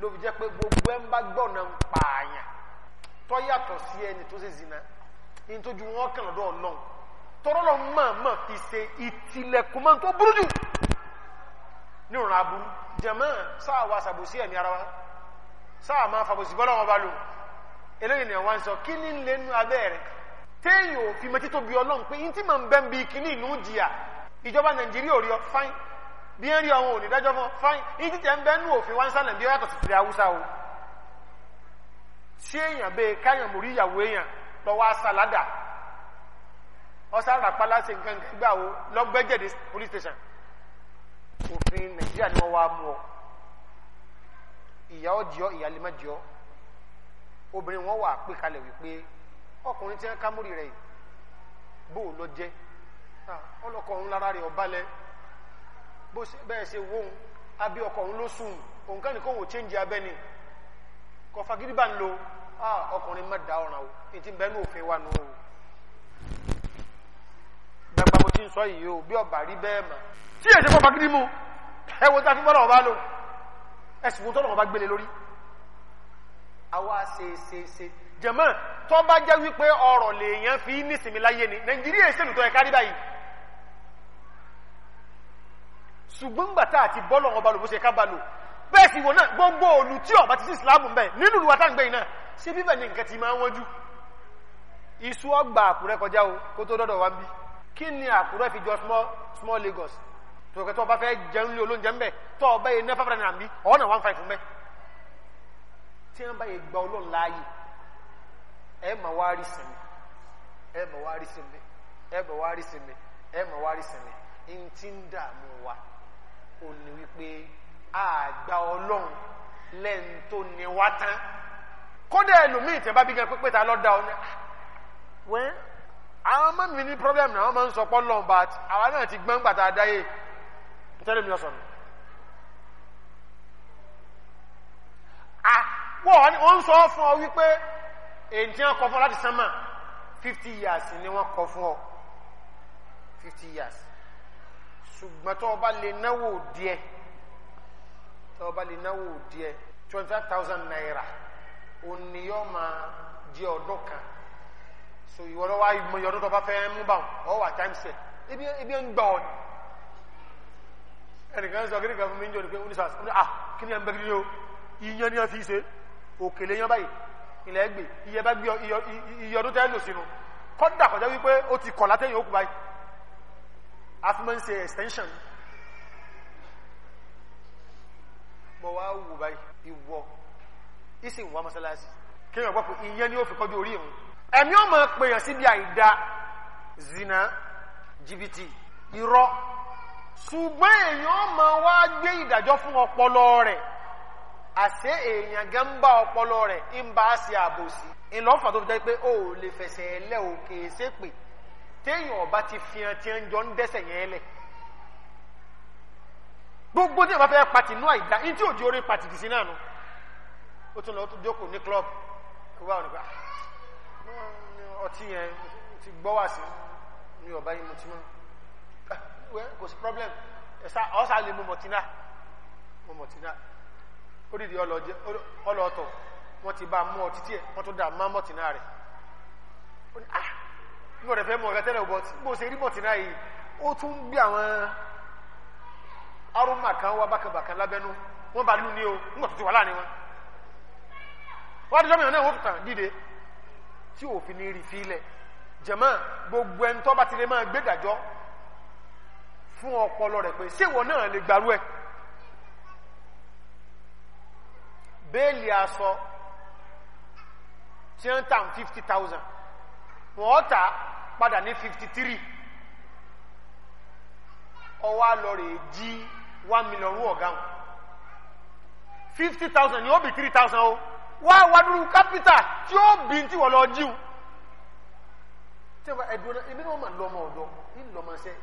ló fi jẹ́ pé gbogbo ẹ̀ ń bá gbọ́nà ń pààyàn tó yàtọ̀ sí ẹni tó ṣe zina ní tójú wọn kàn lọ́dọ̀ ọlọ́run tọ́rọ́ lọ máa máa fi ṣe ìtìlẹ̀kùn máa tó burú jù ní ìrìn àbúrú jẹ̀mọ́ sáà wa ṣàbòsí ẹ̀mí ara wa sáà máa fàbòsí bọ́lá wọn bá lò eléyìí ni àwọn sọ kí ní lẹ́nu abẹ́ rẹ̀ téèyàn ò fi mẹ́tí bí ọlọ́run pé yín tí màá ń bẹ́ ń bi kínní ìlú jìyà ìjọba nàìjíríà ò rí ọ fáìn bí ẹ ń rí ọ̀hún onídàájọ́ mọ́ fáìn yín títẹ̀ ń bẹ́ nú òfin wá ń sá nàìjíríà yàtọ̀ sí ti haúsá o tí èèyàn bẹ́ẹ̀ káyàn mórí ìyàwó èèyàn lọ́wọ́ àṣàládà ọ̀sán ràpálá ṣe nǹkan gbà o lọ́gbẹ́jẹ̀dẹ̀ police station òfin nàìjíríà ni wọ́n wá mú ọ ìyà ọ̀dìọ́ ìyàlẹ́mẹ́dìọ́ obìnrin wọn wà pé kalẹ̀ wípé ọkùnrin tí wọn kámúrì rẹ̀ bó lọ jẹ́ ọlọ́kọ̀ òun lára rẹ̀ ọ̀balẹ̀ bó bẹ́ẹ̀ ṣe wó òun abẹ́ ọkọ̀ òun ló sùn òun kàn ní kó wò chéńjì abẹ́ ni kọfà bá ń lo ọkùnrin má ọ̀ràn o ètí bẹ́ẹ̀ ní òfin wa nù o gbàgbà mo ti ń sọ yìí o bí ọba rí bẹ́ẹ̀ mà tí èsì kọfà gidi mu ẹ wo tá a fi gbọ́dọ̀ ọba lò ẹ sì wo tọ́lọ̀ ọba gbélé lórí. Awa ṣe ṣe ṣe jẹ̀mọ́ tó bá jẹ́ wípé ọ̀rọ̀ lèèyàn fi nísìmí láyé ni nàìjíríà ìṣèlú tó yẹ kárí báyìí ṣùgbọ́n gbàtà àti bọ́ọ̀lù ọ̀hún balùwò ṣe ká balù bẹ́ẹ̀ sì wò náà gbogbo òlù tí ọ̀bà ti sí ìsìláàmù ń nínú ìlú àtàǹgbẹ̀ yìí náà ṣé bíbẹ̀ nǹkan ti máa ń wọ́jú iṣu ọgbà àkúrẹ́ kọjá o kó tó dọ́dọ̀ wá bí kí ni àkúrẹ́ fi jọ small small Lagos tòkẹ́tọ́ ọba fẹ́ jẹun lé olóúnjẹ ń bẹ̀ tọ́ ọba yẹn ní ń bí ọ̀ọ́nà one tí wọ́n bá yẹ gba ọlọ́run láàyè ẹ mà wá rí sinmi ẹ mà wá rí sinmi ẹ mà wá rí sinmi ẹ mà wá rí sinmi n ti ń dààmú wa ò ní wípé àgbà ọlọ́run lẹ́yìn tó ní wá tán kódà ẹlòmíì tẹ́ bá bí gan pípé ta lọ́dà ọ ní wẹ́n àwọn ọmọ mi ní problem náà wọ́n máa ń sọ pọ́ lọ́n but àwa náà ti gbọ́n gbàtà àdáyé tẹ́lẹ̀ mi lọ ah wọ́n ń sọ fún ọ wípé èyí tí wọ́n kọ fún ọ láti sánmà fifty years ni wọ́n kọ fún ọ fifty years ṣùgbọ́n tó o bá lè náwó díẹ̀ tó o bá lè náwó díẹ̀ twenty five thousand naira òní yóò máa di ọdún kan so ìwọ lọ́wọ́ ìyọdún tó bá fẹ́ mú bá ọ wà times ẹ̀ ibi ibi ń gbà ọ ni ẹnìkan sọ kí ni kan fún mi ń jọ ni pé oníṣàṣ ah kí ni ẹ ń bẹ kí ni o ìyẹn ni ẹ fi ṣe òkèlè yan báyìí ilẹ̀ gbè iye bá gbé iye ọdún tẹ́ lò sínú kọ́dà kọjá wípé ó ti kọ̀ látẹ̀yìn ó kù báyìí a ń ṣe extension mọ̀ wá wù báyìí ìwọ ìsìn wà mọ́sálásí kí èèyàn gbọ́pọ̀ ìyẹn ni ó fi kọjú orí ìhun ẹ̀mí ọmọ pèèyàn síbi àìda zina jìbìtì irọ́ ṣùgbọ́n èèyàn ọmọ wá gbé ìdájọ́ fún ọpọlọ rẹ̀ àṣé èèyàn gan ń bá ọpọlọ rẹ̀ ń bá a ṣe àbòsí ìlọ́fà tó fi jẹ́ pé ó lè fẹsẹ̀ ẹlẹ́ o kèé ṣe pé téèyàn ọba ti fi hàn tí ń jọ ń dẹ́sẹ̀ yẹn lẹ̀ gbogbo tí ìbá fẹ́ pàtì inú àìdá ní tí òjò orí pàtì kìsí náà nù ó tún lọ jókòó ní club kó bá wọn nípa ọtí yẹn ti gbọ́ wá sí ní ọba yìí mo ti mọ́ ah, kò sí problem ọ̀sà lè mú mọ̀tínà mọ̀tínà ó dìde ọlọ́ọ̀tọ̀ wọ́n ti bá mú ọ títí ẹ̀ wọ́n tó dà má mọ́tìná rẹ̀ ah nígbà rẹ̀ fẹ́ mú ọ̀gá tẹ́lẹ̀ bọ́t bó ṣe rí mọ́tìná yìí ó tún gbé àwọn arúmà kan wá bákàbàkan lábẹ́nú wọ́n bá lù ní o nígbà tó ti wà láàrin wọn wọ́n adéjọ́ mìíràn náà wọ́n tàn dìde tí òfin ní rí fílẹ̀ jẹ̀mọ́ gbogbo ẹni tó bá ti lè máa gbé dàjọ́ fún ọpọlọ rẹ̀ pé ṣé ìwọ náà lè gbarú ẹ̀ béèlì aṣọ tí wọ́n tà fifty thousand wọ́n tà padà ní fifty three ọwọ́ àlọ́rẹ̀ jí one million rú ọ̀gá wọn fifty thousand ni ó bì three thousand o wá wàdúrú kápítà tí ó bì tí wọ́n lọ jíun tẹ́wọ́ ẹ̀dùn náà èmi náà mà lọ́mọ ọ̀dọ́ ní lọ́mọ ṣẹ́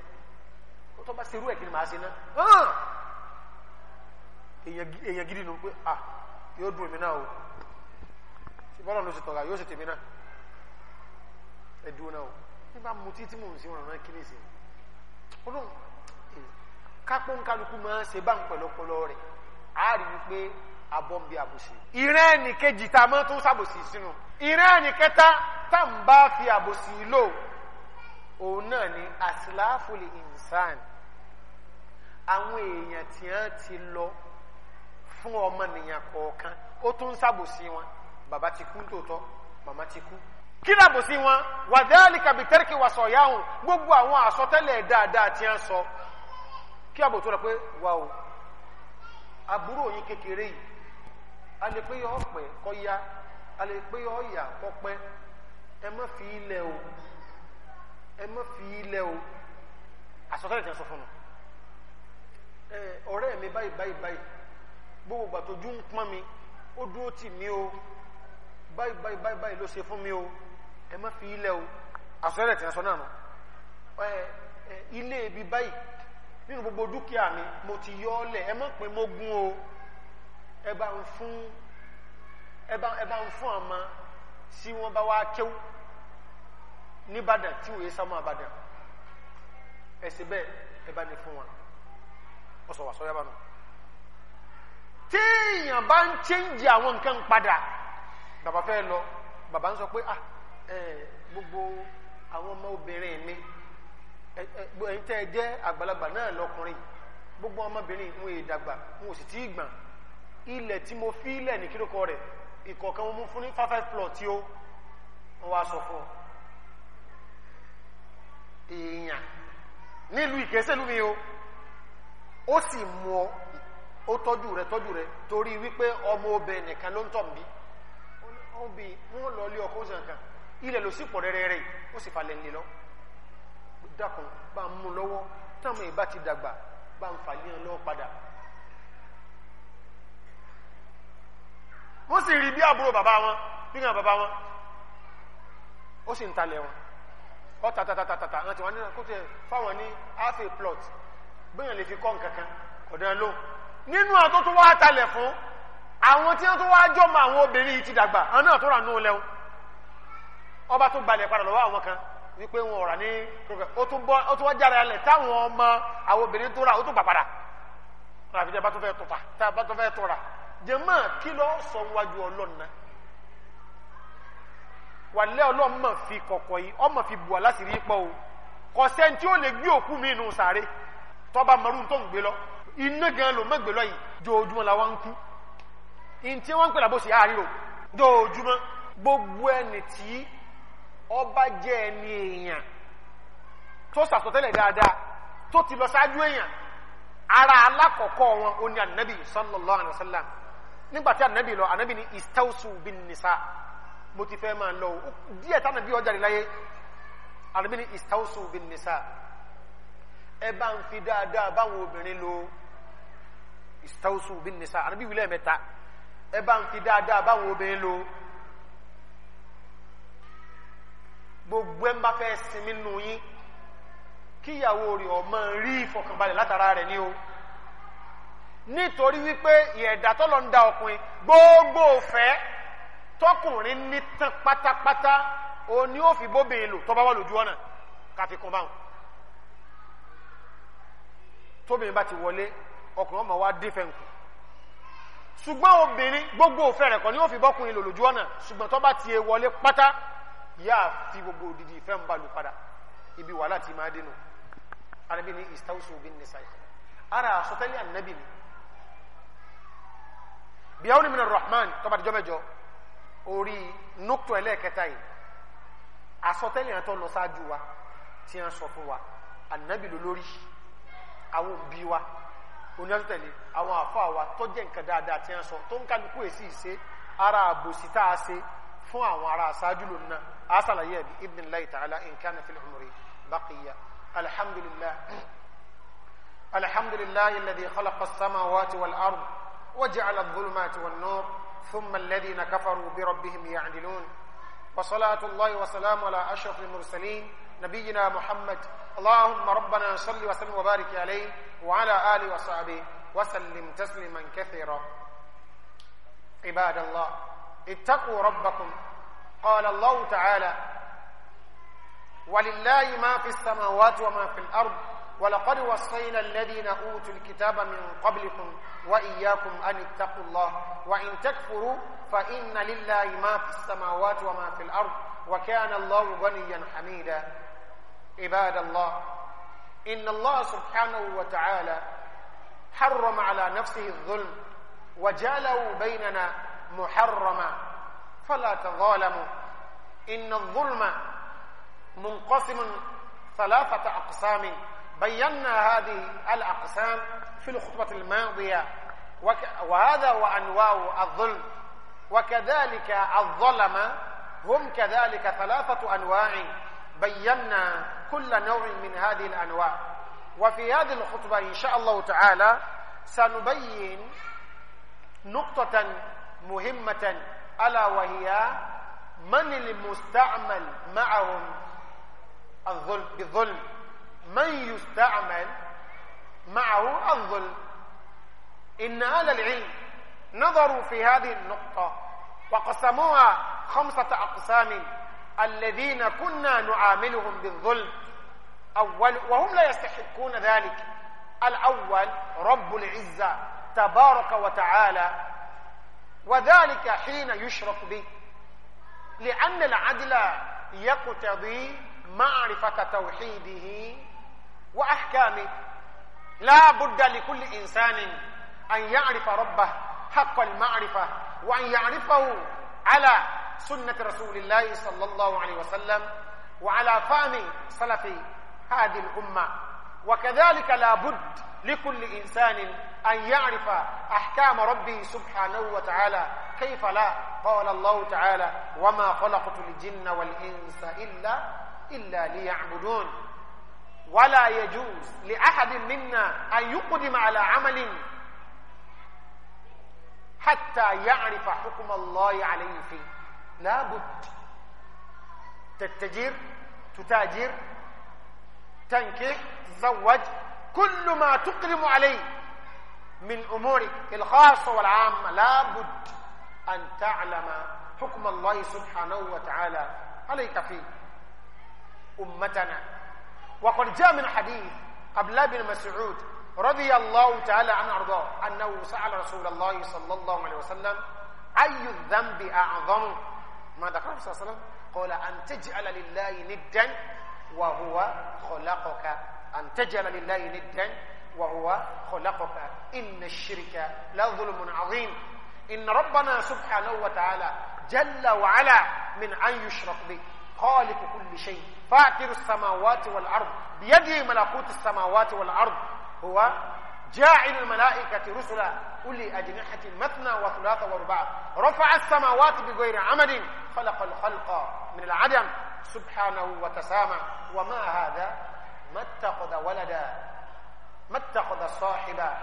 ó tọ́ bá ṣerú ẹ̀ kí ni màá ṣe náà èèyàn gidi nù pé ah yóò dùn èmi náà o tí bọ́lá ló ṣe tọ̀gà yóò ṣe tèmi náà ẹ náà o ní bá mu títí mò ń sin ọ̀ràn kí ni sè ó lóun eh, kápó nkálukú máa ń ṣe bá ń pẹ̀lọpọlọ rẹ̀ á rí i pé abọ́ ń bí àbòsí. ìrẹ́ ẹnì kejì tá a máa tún sábòsí sínú ìrẹ́ ẹnì kẹta tá n bá fi àbòsí lò òun náà ni àsìláfòlì ìnsán àwọn èèyàn tí wọ́n ti lọ fún ọmọnìyàn kọ̀ọ̀kan ó tún sábòsí wọn bàbá ti kú tòótọ́ màmá ti kú kí làbòsí wọn wàdáàlì kàbìtẹ́rìkì wà sọ gbogbo àwọn àsọtẹ́lẹ̀ dáadáa ti a ń sọ kí àbò tó rẹ pé wà o àbúrò yín kékeré yìí a lè pé yọ kọ ya a lè pé yọ ọyà kọ pẹ ẹ má fi o ẹ má o àsọtẹ́lẹ̀ ti ń sọ fún un ọ̀rẹ́ mi báyìí báyìí gbogbo àtọ́jú ń pọ́n mi ó dúró tì mí o báyìí báyìí báyìí báyìí ló ṣe fún mi o ẹ má fi ilẹ̀ o àsọ̀rẹ́ tí wọ́n sọ náà nù ilé ibi báyìí nínú gbogbo dúkìá mi mo ti yọ ọ́ lẹ̀ ẹ má pé mo gún o ẹ bá ń fún ẹ bá ń fún àmọ́ tí wọ́n bá wá kéwú nìbàdàn tí wòye sámú àbàdàn ẹ̀sìn bẹ́ẹ̀ ẹ bá ní fún wọn ọ̀sọ̀wàsọ̀ yá bá nù téèyàn bá ń chẹ́ǹjì àwọn nǹkan padà bàbá fẹ́ lọ bàbá ń sọ pé ah gbogbo àwọn ọmọ obìnrin mi ẹ̀yin tẹ́ ẹ jẹ́ àgbàlagbà náà lọkùnrin gbogbo ọmọbìnrin wọn èè dàgbà wọn ò sì tí ì gbọ̀n ilẹ̀ tí mo fi ilẹ̀ ní kírókọ rẹ̀ ìkọ̀ọ̀kan mo mú fún ní five five plot tí ó wọn wá sọ fún ọ èèyàn nílùú ìkẹsẹ̀lú mi o ó sì mú ọ ó tọ́jú rẹ̀ tọ́jú rẹ̀ torí wípé ọmọ obìnrin nìkan ló ń tọ̀ bí ó ń bi wọ́n lọ lé ọkọ̀ òsàn kan ilẹ̀ ló sì pọ̀ rẹ́rẹ́rẹ́ ó sì falẹ̀ ńlẹ̀ dákun bá ń mú lọ́wọ́ táwọn ìbá ti dàgbà bá ń falẹ̀ lọ́wọ́ padà wọ́n sì rí bí àbúrò bàbá wọn bí náà bàbá wọn ó sì ń talẹ̀ wọn ọ tatatatata àti wọn ní kó fáwọn ní plot bẹ́ẹ̀ lè fi kọ́ nǹkan kan lóhùn nínú àwọn tó tún wá talẹ̀ fún àwọn tí wọ́n tún wá jọ́mọ àwọn obìnrin yìí ti dàgbà àwọn náà tó rà nù lẹ́wọ̀n ọba tó balẹ̀ padà lọ́wọ́ àwọn kan wípé wọn ò rà ní ó tún wá jára alẹ̀ táwọn ọmọ àwọn obìnrin tó rà ó tún gbà padà àfi tí bá tó fẹ́ tó ta tá a bá tó fẹ́ tó ra jẹ́mọ́ kí lọ́ sọ wájú ọlọ́run náà wàlẹ́ ọlọ́run fi kọ̀kọ̀ yìí ọmọ fi bùwà láti rí pọ̀ o kọ̀sẹ́ntì ó lè gbé òkú mi nù sàárè tọ́ba mọ̀rún tó iná gan ló mọ́gbẹ̀ lọ́yìn jòjúmọ́ la wọ́n ń kú in tí wọ́n ń pè lábòsí àárírò jòjúmọ́ gbogbo ẹni tí ọba jẹ́ ẹni èèyàn tó sàsọtẹ́lẹ̀ dáadáa tó ti lọ sáájú èèyàn ara alákọ̀ọ́kọ́ wọn ó ní ànábì sallallahu alaihi wasallam nígbà tí ànábì lọ ànábì ní istausu bin nisa mo ti fẹ́ máa lọ díẹ̀ tánàbí ọjà rí láyé ní istausu bin nisa ẹ bá ń fi dáadáa báwọn obìnrin lo istawusu bin nisa anabi wílẹ̀ mẹ́ta ẹ bá ń fi dáadáa báwọn obìnrin gbogbo ẹ ń bá fẹ́ kíyàwó rẹ̀ ọmọ rí ìfọkànbalẹ̀ látara rẹ̀ ni o nítorí wípé ìyẹ̀dá tọ́lọ̀ ń da ọkùnrin gbogbo òfẹ́ tọkùnrin ní tán pátápátá o ní ó fi bóbìnrin lò tọ́ba wà lójú ọ̀nà káfíkan báwọn tóbìnrin bá ti wọlé ọkùnrin ọmọ wa dé fẹ́ǹkù ṣùgbọ́n obìnrin gbogbo òfẹ́ rẹ̀ kọ́ ni ó fi bọ́kùnrin lò lójú ọ̀nà ṣùgbọ́n tó bá ti e wọlé pátá yáà fi gbogbo òdìdí ìfẹ́ ń bá lù padà ibi wàhálà ti máa dénú anabi ni istausu bin nisa ara asọtẹlẹ anabi ni biawo ni mina rahman tọba dijọ mẹjọ orí nukto ẹlẹ́ẹ̀kẹta yìí asọtẹlẹ yẹn tó lọ ṣáájú wa tí a sọ fún wa anabi ló lórí àwọn òbí wa oníyàtọ̀tẹ̀lé àwọn àfa wa tó jẹ́ nǹkan dáadáa tí wọ́n sọ tó ń kálukú èsì ìṣe ara àbòsí tá a ṣe fún àwọn ará aṣáájú lòun náà a ṣàlàyé ẹ̀bí ibn lai ta'ala in kana fil umri baqiya alhamdulillah alhamdulillah alladhi الله وسلام على أشرف المرسلين نبينا محمد اللهم ربنا صل وسلم وبارك عليه وعلى آله وصحبه وسلم تسليما كثيرا عباد الله اتقوا ربكم قال الله تعالى ولله ما في السماوات وما في الأرض ولقد وصينا الذين أوتوا الكتاب من قبلكم وإياكم أن اتقوا الله وإن تكفروا فإن لله ما في السماوات وما في الأرض وكان الله غنيا حميدا عباد الله إن الله سبحانه وتعالى حرم على نفسه الظلم وجالوا بيننا محرما فلا تظالموا إن الظلم منقسم ثلاثة أقسام بينا هذه الأقسام في الخطبة الماضية وهذا وأنواع الظلم وكذلك الظلم هم كذلك ثلاثة أنواع بينا كل نوع من هذه الأنواع وفي هذه الخطبة إن شاء الله تعالى سنبين نقطة مهمة ألا وهي من المستعمل معهم الظلم بالظلم من يستعمل معه الظلم إن أهل العلم نظروا في هذه النقطة وقسموها خمسة أقسام الذين كنا نعاملهم بالظلم أول وهم لا يستحقون ذلك الأول رب العزة تبارك وتعالى وذلك حين يشرق به لأن العدل يقتضي معرفة توحيده وأحكامه لا بد لكل إنسان أن يعرف ربه حق المعرفة وأن يعرفه على سنة رسول الله صلى الله عليه وسلم وعلى فهم سلف هذه الأمة وكذلك لا بد لكل إنسان أن يعرف أحكام ربه سبحانه وتعالى كيف لا قال الله تعالى وما خلقت الجن والإنس إلا إلا ليعبدون ولا يجوز لأحد منا أن يقدم على عمل حتى يعرف حكم الله عليه فيه لابد تتجر تتاجر تنكح تتزوج كل ما تقلم عليه من أمورك الخاصة والعامة لابد أن تعلم حكم الله سبحانه وتعالى عليك في أمتنا وقد جاء من حديث قبل بن مسعود رضي الله تعالى عنه أرضاه أنه سأل رسول الله صلى الله عليه وسلم أي الذنب أعظم ماذا قال صلى الله عليه وسلم قال أن تجعل لله ندا وهو خلقك أن تجعل لله ندا وهو خلقك إن الشرك لظلم عظيم إن ربنا سبحانه وتعالى جل وعلا من أن يشرك به خالق كل شيء فاعتر السماوات والأرض بيده ملكوت السماوات والأرض هو جاعل الملائكة رسلا أولي أجنحة مثنى وثلاث ورباع رفع السماوات بغير عمد خلق الخلق من العدم سبحانه وتسامى وما هذا ما اتخذ ولدا ما اتخذ صاحبا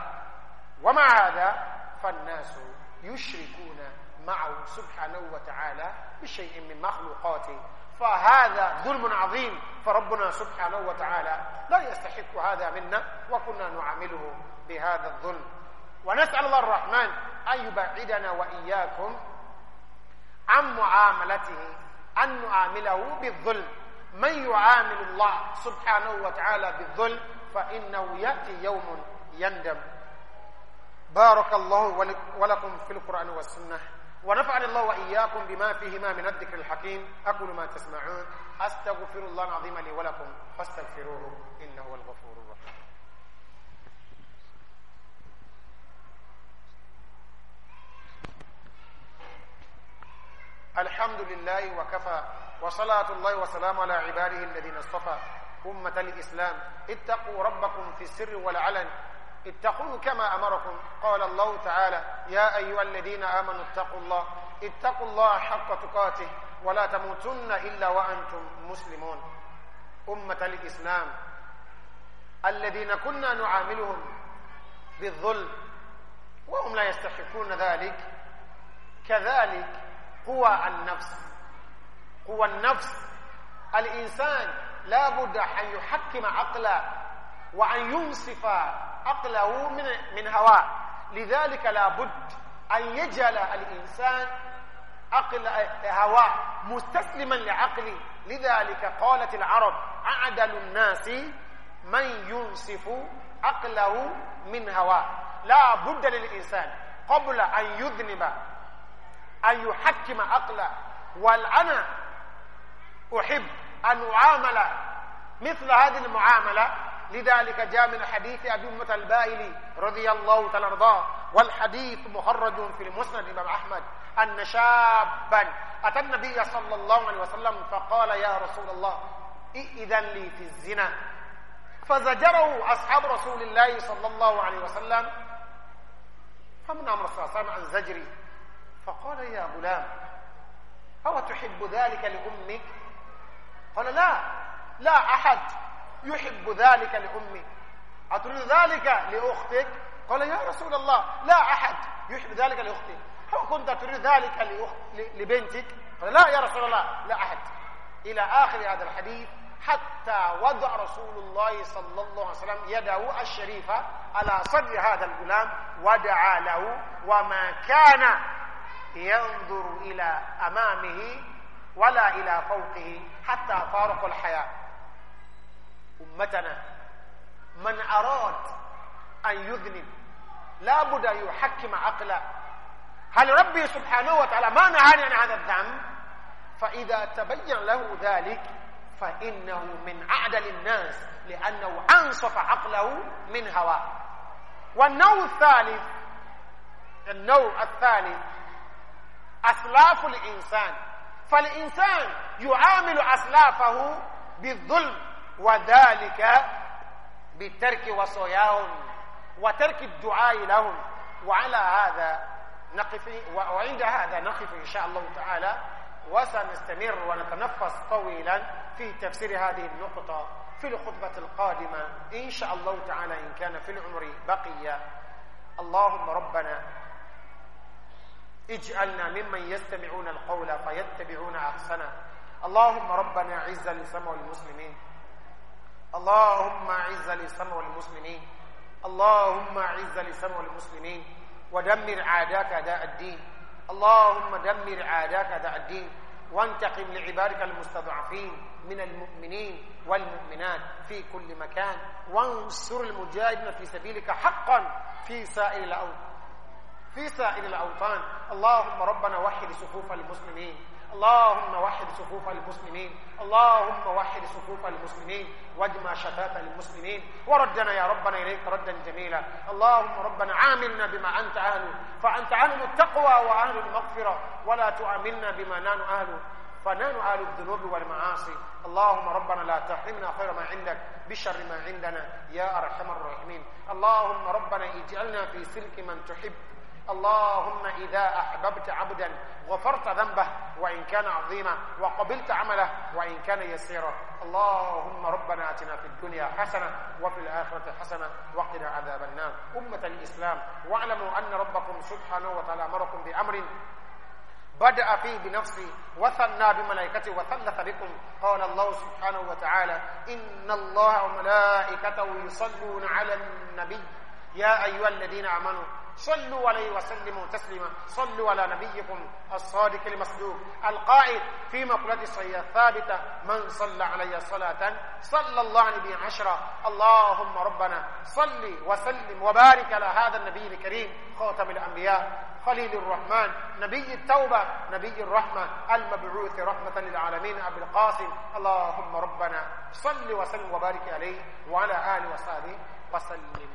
ومع هذا فالناس يشركون معه سبحانه وتعالى بشيء من مخلوقاته فهذا ظلم عظيم فربنا سبحانه وتعالى لا يستحق هذا منا وكنا نعامله بهذا الظلم ونسأل الله الرحمن أن يبعدنا وإياكم عن معاملته أن نعامله بالظلم من يعامل الله سبحانه وتعالى بالظلم فإنه يأتي يوم يندم بارك الله ولكم في القرآن والسنة ونفعني الله وإياكم بما فيهما من الذكر الحكيم أقول ما تسمعون أستغفر الله العظيم لي ولكم فاستغفروه إنه هو الغفور الرحيم الحمد لله وكفى وصلاة الله وسلام على عباده الذين اصطفى أمة الإسلام اتقوا ربكم في السر والعلن اتقوه كما أمركم قال الله تعالى يا أيها الذين آمنوا اتقوا الله اتقوا الله حق تقاته ولا تموتن إلا وأنتم مسلمون أمة الإسلام الذين كنا نعاملهم بالظلم وهم لا يستحقون ذلك كذلك قوى النفس قوى النفس الإنسان لا بد أن يحكم عقله وأن ينصف عقله من من هواه لذلك لابد أن يجعل الإنسان عقل هواه مستسلما لعقله لذلك قالت العرب أعدل الناس من ينصف عقله من هواه لا بد للإنسان قبل أن يذنب أن يحكم عقله والأنا أحب أن أعامل مثل هذه المعاملة لذلك جاء من حديث أبي أمة البائلي رضي الله تعالى عنه والحديث مخرج في المسند الإمام أحمد أن شابا أتى النبي صلى الله عليه وسلم فقال يا رسول الله إذن لي في الزنا فزجره أصحاب رسول الله صلى الله عليه وسلم فمن أمر صلى الله عليه وسلم عن زجري فقال يا غلام أو تحب ذلك لأمك قال لا لا أحد يحب ذلك لأمي أتريد ذلك لأختك قال يا رسول الله لا أحد يحب ذلك لأختي هل كنت تريد ذلك لأخت لبنتك قال لا يا رسول الله لا أحد إلى آخر هذا الحديث حتى وضع رسول الله صلى الله عليه وسلم يده الشريفة على صدر هذا الغلام ودعا له وما كان ينظر إلى أمامه ولا إلى فوقه حتى فارق الحياة أمتنا من أراد أن يذنب لا بد أن يحكم عقله هل ربي سبحانه وتعالى ما نهاني عن هذا الذنب فإذا تبين له ذلك فإنه من أعدل الناس لأنه أنصف عقله من هواه والنوع الثالث النوع الثالث أسلاف الإنسان فالإنسان يعامل أسلافه بالظلم وذلك بترك وصاياهم وترك الدعاء لهم وعلى هذا نقف وعند هذا نقف إن شاء الله تعالى وسنستمر ونتنفس طويلا في تفسير هذه النقطة في الخطبة القادمة إن شاء الله تعالى إن كان في العمر بقية اللهم ربنا اجعلنا ممن يستمعون القول فيتبعون أحسنه اللهم ربنا عز لسمع المسلمين اللهم اعز الاسلام والمسلمين اللهم اعز الاسلام والمسلمين ودمر عاداك داء الدين اللهم دمر عاداك داء الدين وانتقم لعبادك المستضعفين من المؤمنين والمؤمنات في كل مكان وانصر المجاهدين في سبيلك حقا في سائر الأوطان في سائر الأوطان اللهم ربنا وحد صفوف المسلمين اللهم وحد صفوف المسلمين اللهم وحد صفوف المسلمين واجمع شتات المسلمين وردنا يا ربنا إليك ردا جميلا اللهم ربنا عاملنا بما أنت أهله فأنت أهل التقوى وأهل المغفرة ولا تعاملنا بما نان أهله فنان أهل الذنوب والمعاصي اللهم ربنا لا تحرمنا خير ما عندك بشر ما عندنا يا أرحم الراحمين اللهم ربنا اجعلنا في سلك من تحب اللهم إذا أحببت عبدا غفرت ذنبه وإن كان عظيما وقبلت عمله وإن كان يسيرا اللهم ربنا أتنا في الدنيا حسنة وفي الآخرة حسنة وقنا عذاب النار أمة الإسلام واعلموا أن ربكم سبحانه وتعالى أمركم بأمر بدأ فيه بنفسه وثنى بملائكته وثلث بكم قال الله سبحانه وتعالى إن الله وملائكته يصلون على النبي يا أيها الذين آمنوا صلوا عليه وسلموا تسليما صلوا على نبيكم الصادق المصدوق القائد في مقولة الصحية الثابتة من صلى علي صلاة صلى الله عليه عشرة اللهم ربنا صل وسلم وبارك على هذا النبي الكريم خاتم الأنبياء خليل الرحمن نبي التوبة نبي الرحمة المبعوث رحمة للعالمين أبي القاسم اللهم ربنا صل وسلم وبارك عليه وعلى آله وصحبه وسلم